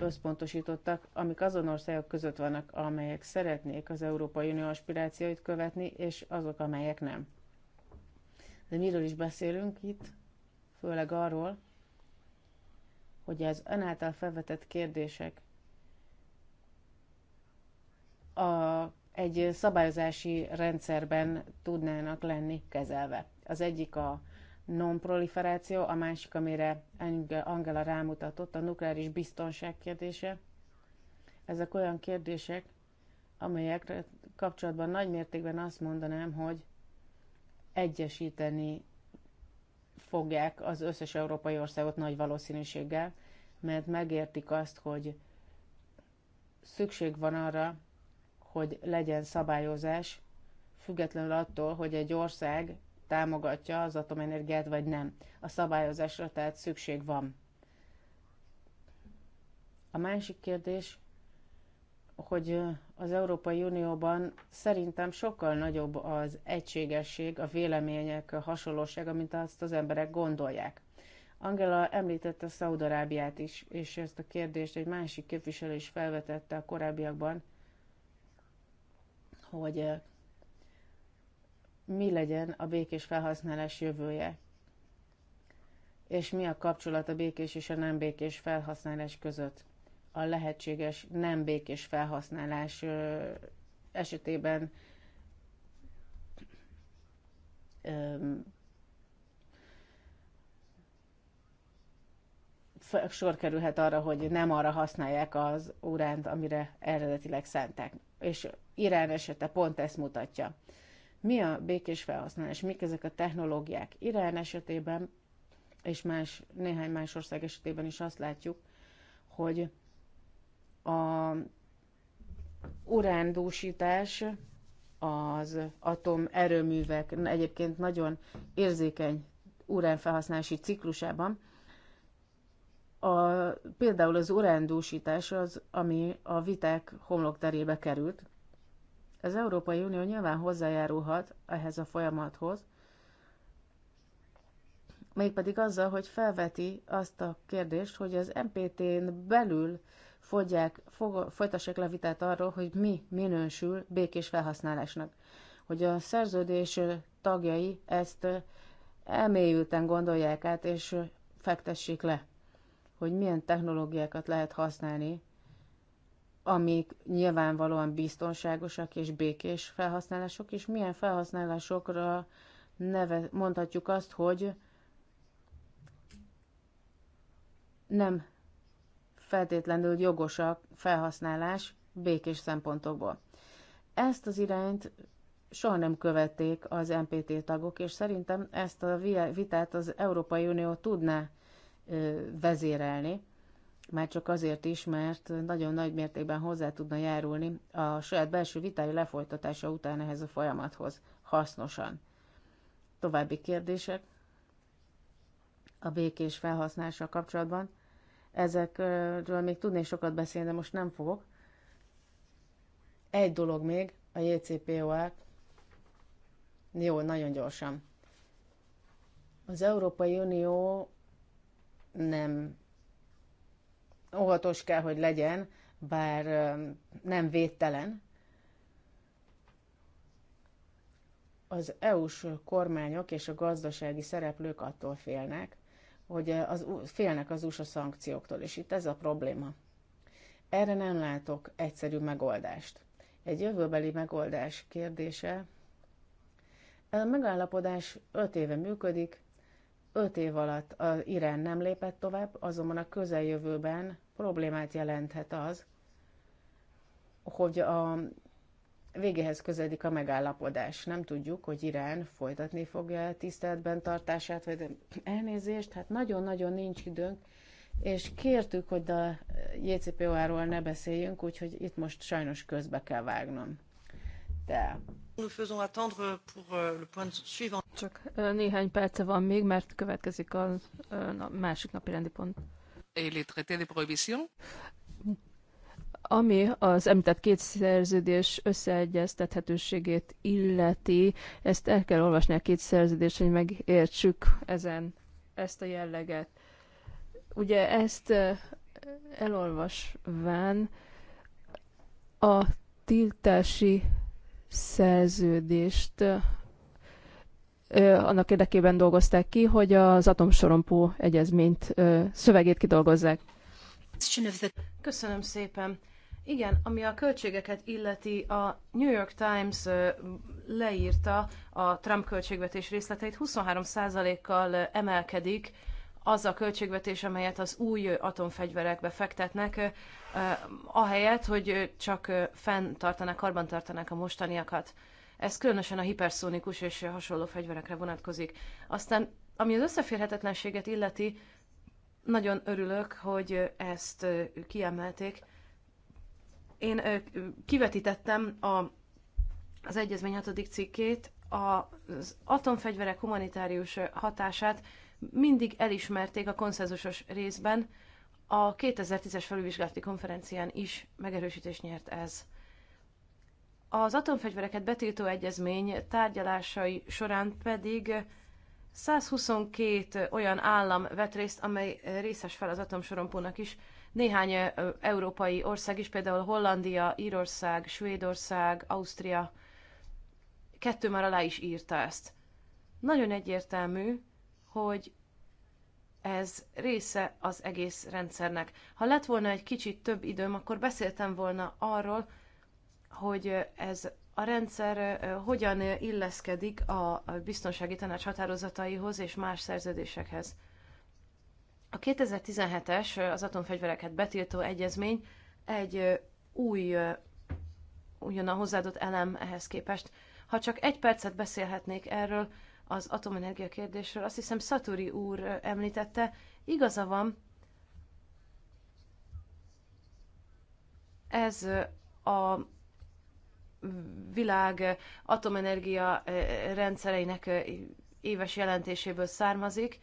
összpontosítottak, amik azon országok között vannak, amelyek szeretnék az Európai Unió aspirációit követni, és azok, amelyek nem. De miről is beszélünk itt? Főleg arról, hogy az önáltal felvetett kérdések a egy szabályozási rendszerben tudnának lenni kezelve. Az egyik a non-proliferáció, a másik, amire Angela rámutatott, a nukleáris biztonság kérdése. Ezek olyan kérdések, amelyek kapcsolatban nagy mértékben azt mondanám, hogy egyesíteni fogják az összes európai országot nagy valószínűséggel, mert megértik azt, hogy szükség van arra, hogy legyen szabályozás, függetlenül attól, hogy egy ország támogatja az atomenergiát, vagy nem. A szabályozásra tehát szükség van. A másik kérdés, hogy az Európai Unióban szerintem sokkal nagyobb az egységesség, a vélemények a hasonlósága, mint azt az emberek gondolják. Angela említette Szaudarábiát is, és ezt a kérdést egy másik képviselő is felvetette a korábbiakban, hogy mi legyen a békés felhasználás jövője, és mi a kapcsolat a békés és a nem békés felhasználás között. A lehetséges nem békés felhasználás esetében sor kerülhet arra, hogy nem arra használják az óránt, amire eredetileg szánták és Irán esete pont ezt mutatja. Mi a békés felhasználás, mik ezek a technológiák? Irán esetében és más, néhány más ország esetében is azt látjuk, hogy a urándúsítás az atomerőművek egyébként nagyon érzékeny uránfelhasználási ciklusában a, például az urándúsítás az, ami a viták homlokterébe került. Az Európai Unió nyilván hozzájárulhat ehhez a folyamathoz, mégpedig azzal, hogy felveti azt a kérdést, hogy az MPT-n belül fogyják, fog, folytassák le vitát arról, hogy mi minősül békés felhasználásnak. Hogy a szerződés tagjai ezt elmélyülten gondolják át és fektessék le hogy milyen technológiákat lehet használni, amik nyilvánvalóan biztonságosak és békés felhasználások, és milyen felhasználásokra neve, mondhatjuk azt, hogy nem feltétlenül jogos a felhasználás békés szempontokból. Ezt az irányt soha nem követték az NPT tagok, és szerintem ezt a vitát az Európai Unió tudná vezérelni, már csak azért is, mert nagyon nagy mértékben hozzá tudna járulni a saját belső vitája lefolytatása után ehhez a folyamathoz hasznosan. További kérdések a békés felhasználással kapcsolatban. Ezekről még tudnék sokat beszélni, de most nem fogok. Egy dolog még, a jcpoa Jó, nagyon gyorsan. Az Európai Unió nem óvatos kell, hogy legyen, bár nem védtelen. Az EU-s kormányok és a gazdasági szereplők attól félnek, hogy az, félnek az USA szankcióktól, és itt ez a probléma. Erre nem látok egyszerű megoldást. Egy jövőbeli megoldás kérdése. A megállapodás öt éve működik, öt év alatt az Irán nem lépett tovább, azonban a közeljövőben problémát jelenthet az, hogy a végéhez közeledik a megállapodás. Nem tudjuk, hogy Irán folytatni fogja a tiszteletben tartását, vagy elnézést, hát nagyon-nagyon nincs időnk, és kértük, hogy a JCPOA-ról ne beszéljünk, úgyhogy itt most sajnos közbe kell vágnom el. Euh, Csak néhány perce van még, mert következik a másik napi rendi pont. Ami az említett két szerződés összeegyeztethetőségét illeti, ezt el kell olvasni a két szerződést, hogy megértsük ezen ezt a jelleget. Ugye ezt elolvasván a tiltási szerződést annak érdekében dolgozták ki, hogy az atomsorompó egyezményt szövegét kidolgozzák. Köszönöm szépen. Igen, ami a költségeket illeti, a New York Times leírta a Trump költségvetés részleteit, 23%-kal emelkedik az a költségvetés, amelyet az új atomfegyverekbe fektetnek, ahelyett, hogy csak fenntartanák, karbantartanak a mostaniakat. Ez különösen a hiperszónikus és hasonló fegyverekre vonatkozik. Aztán, ami az összeférhetetlenséget illeti, nagyon örülök, hogy ezt kiemelték. Én kivetítettem a, az egyezmény hatodik cikkét, az atomfegyverek humanitárius hatását mindig elismerték a konszenzusos részben, a 2010-es felülvizsgálati konferencián is megerősítést nyert ez. Az atomfegyvereket betiltó egyezmény tárgyalásai során pedig 122 olyan állam vett részt, amely részes fel az atomsorompónak is. Néhány európai ország is, például Hollandia, Írország, Svédország, Ausztria, kettő már alá is írta ezt. Nagyon egyértelmű, hogy ez része az egész rendszernek. Ha lett volna egy kicsit több időm, akkor beszéltem volna arról, hogy ez a rendszer hogyan illeszkedik a biztonsági tanács határozataihoz és más szerződésekhez. A 2017-es az atomfegyvereket betiltó egyezmény egy új, ugyan a hozzáadott elem ehhez képest. Ha csak egy percet beszélhetnék erről, az atomenergia kérdésről. Azt hiszem Szaturi úr említette, igaza van, ez a világ atomenergia eh, rendszereinek eh, éves jelentéséből származik.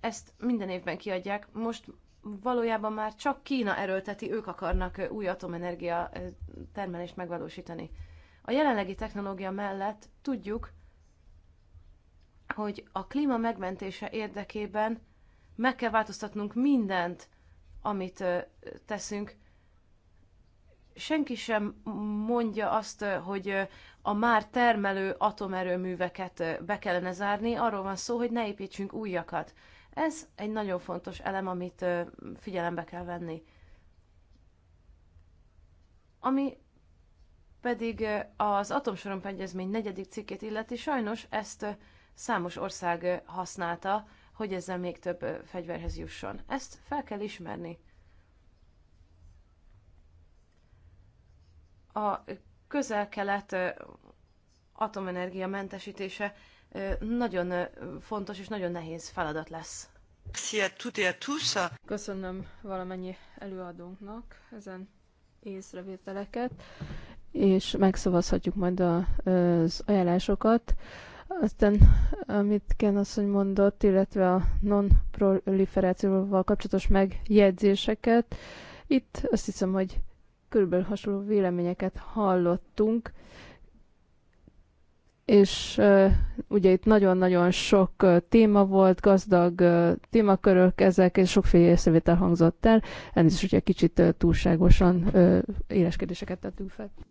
Ezt minden évben kiadják. Most valójában már csak Kína erőlteti, ők akarnak eh, új atomenergia termelést megvalósítani. A jelenlegi technológia mellett tudjuk, hogy a klíma megmentése érdekében meg kell változtatnunk mindent, amit teszünk. Senki sem mondja azt, hogy a már termelő atomerőműveket be kellene zárni, arról van szó, hogy ne építsünk újakat. Ez egy nagyon fontos elem, amit figyelembe kell venni. Ami pedig az atomsorompegyezmény negyedik cikkét illeti, sajnos ezt számos ország használta, hogy ezzel még több fegyverhez jusson. Ezt fel kell ismerni. A közel-kelet atomenergia mentesítése nagyon fontos és nagyon nehéz feladat lesz. Köszönöm valamennyi előadónknak ezen észrevételeket, és megszavazhatjuk majd az ajánlásokat. Aztán, amit Ken asszony mondott, illetve a non-proliferációval kapcsolatos megjegyzéseket, itt azt hiszem, hogy körülbelül hasonló véleményeket hallottunk, és uh, ugye itt nagyon-nagyon sok uh, téma volt, gazdag uh, témakörök ezek, és sokféle észrevétel hangzott el, ennél is ugye kicsit túlságosan éles kérdéseket tettünk fel.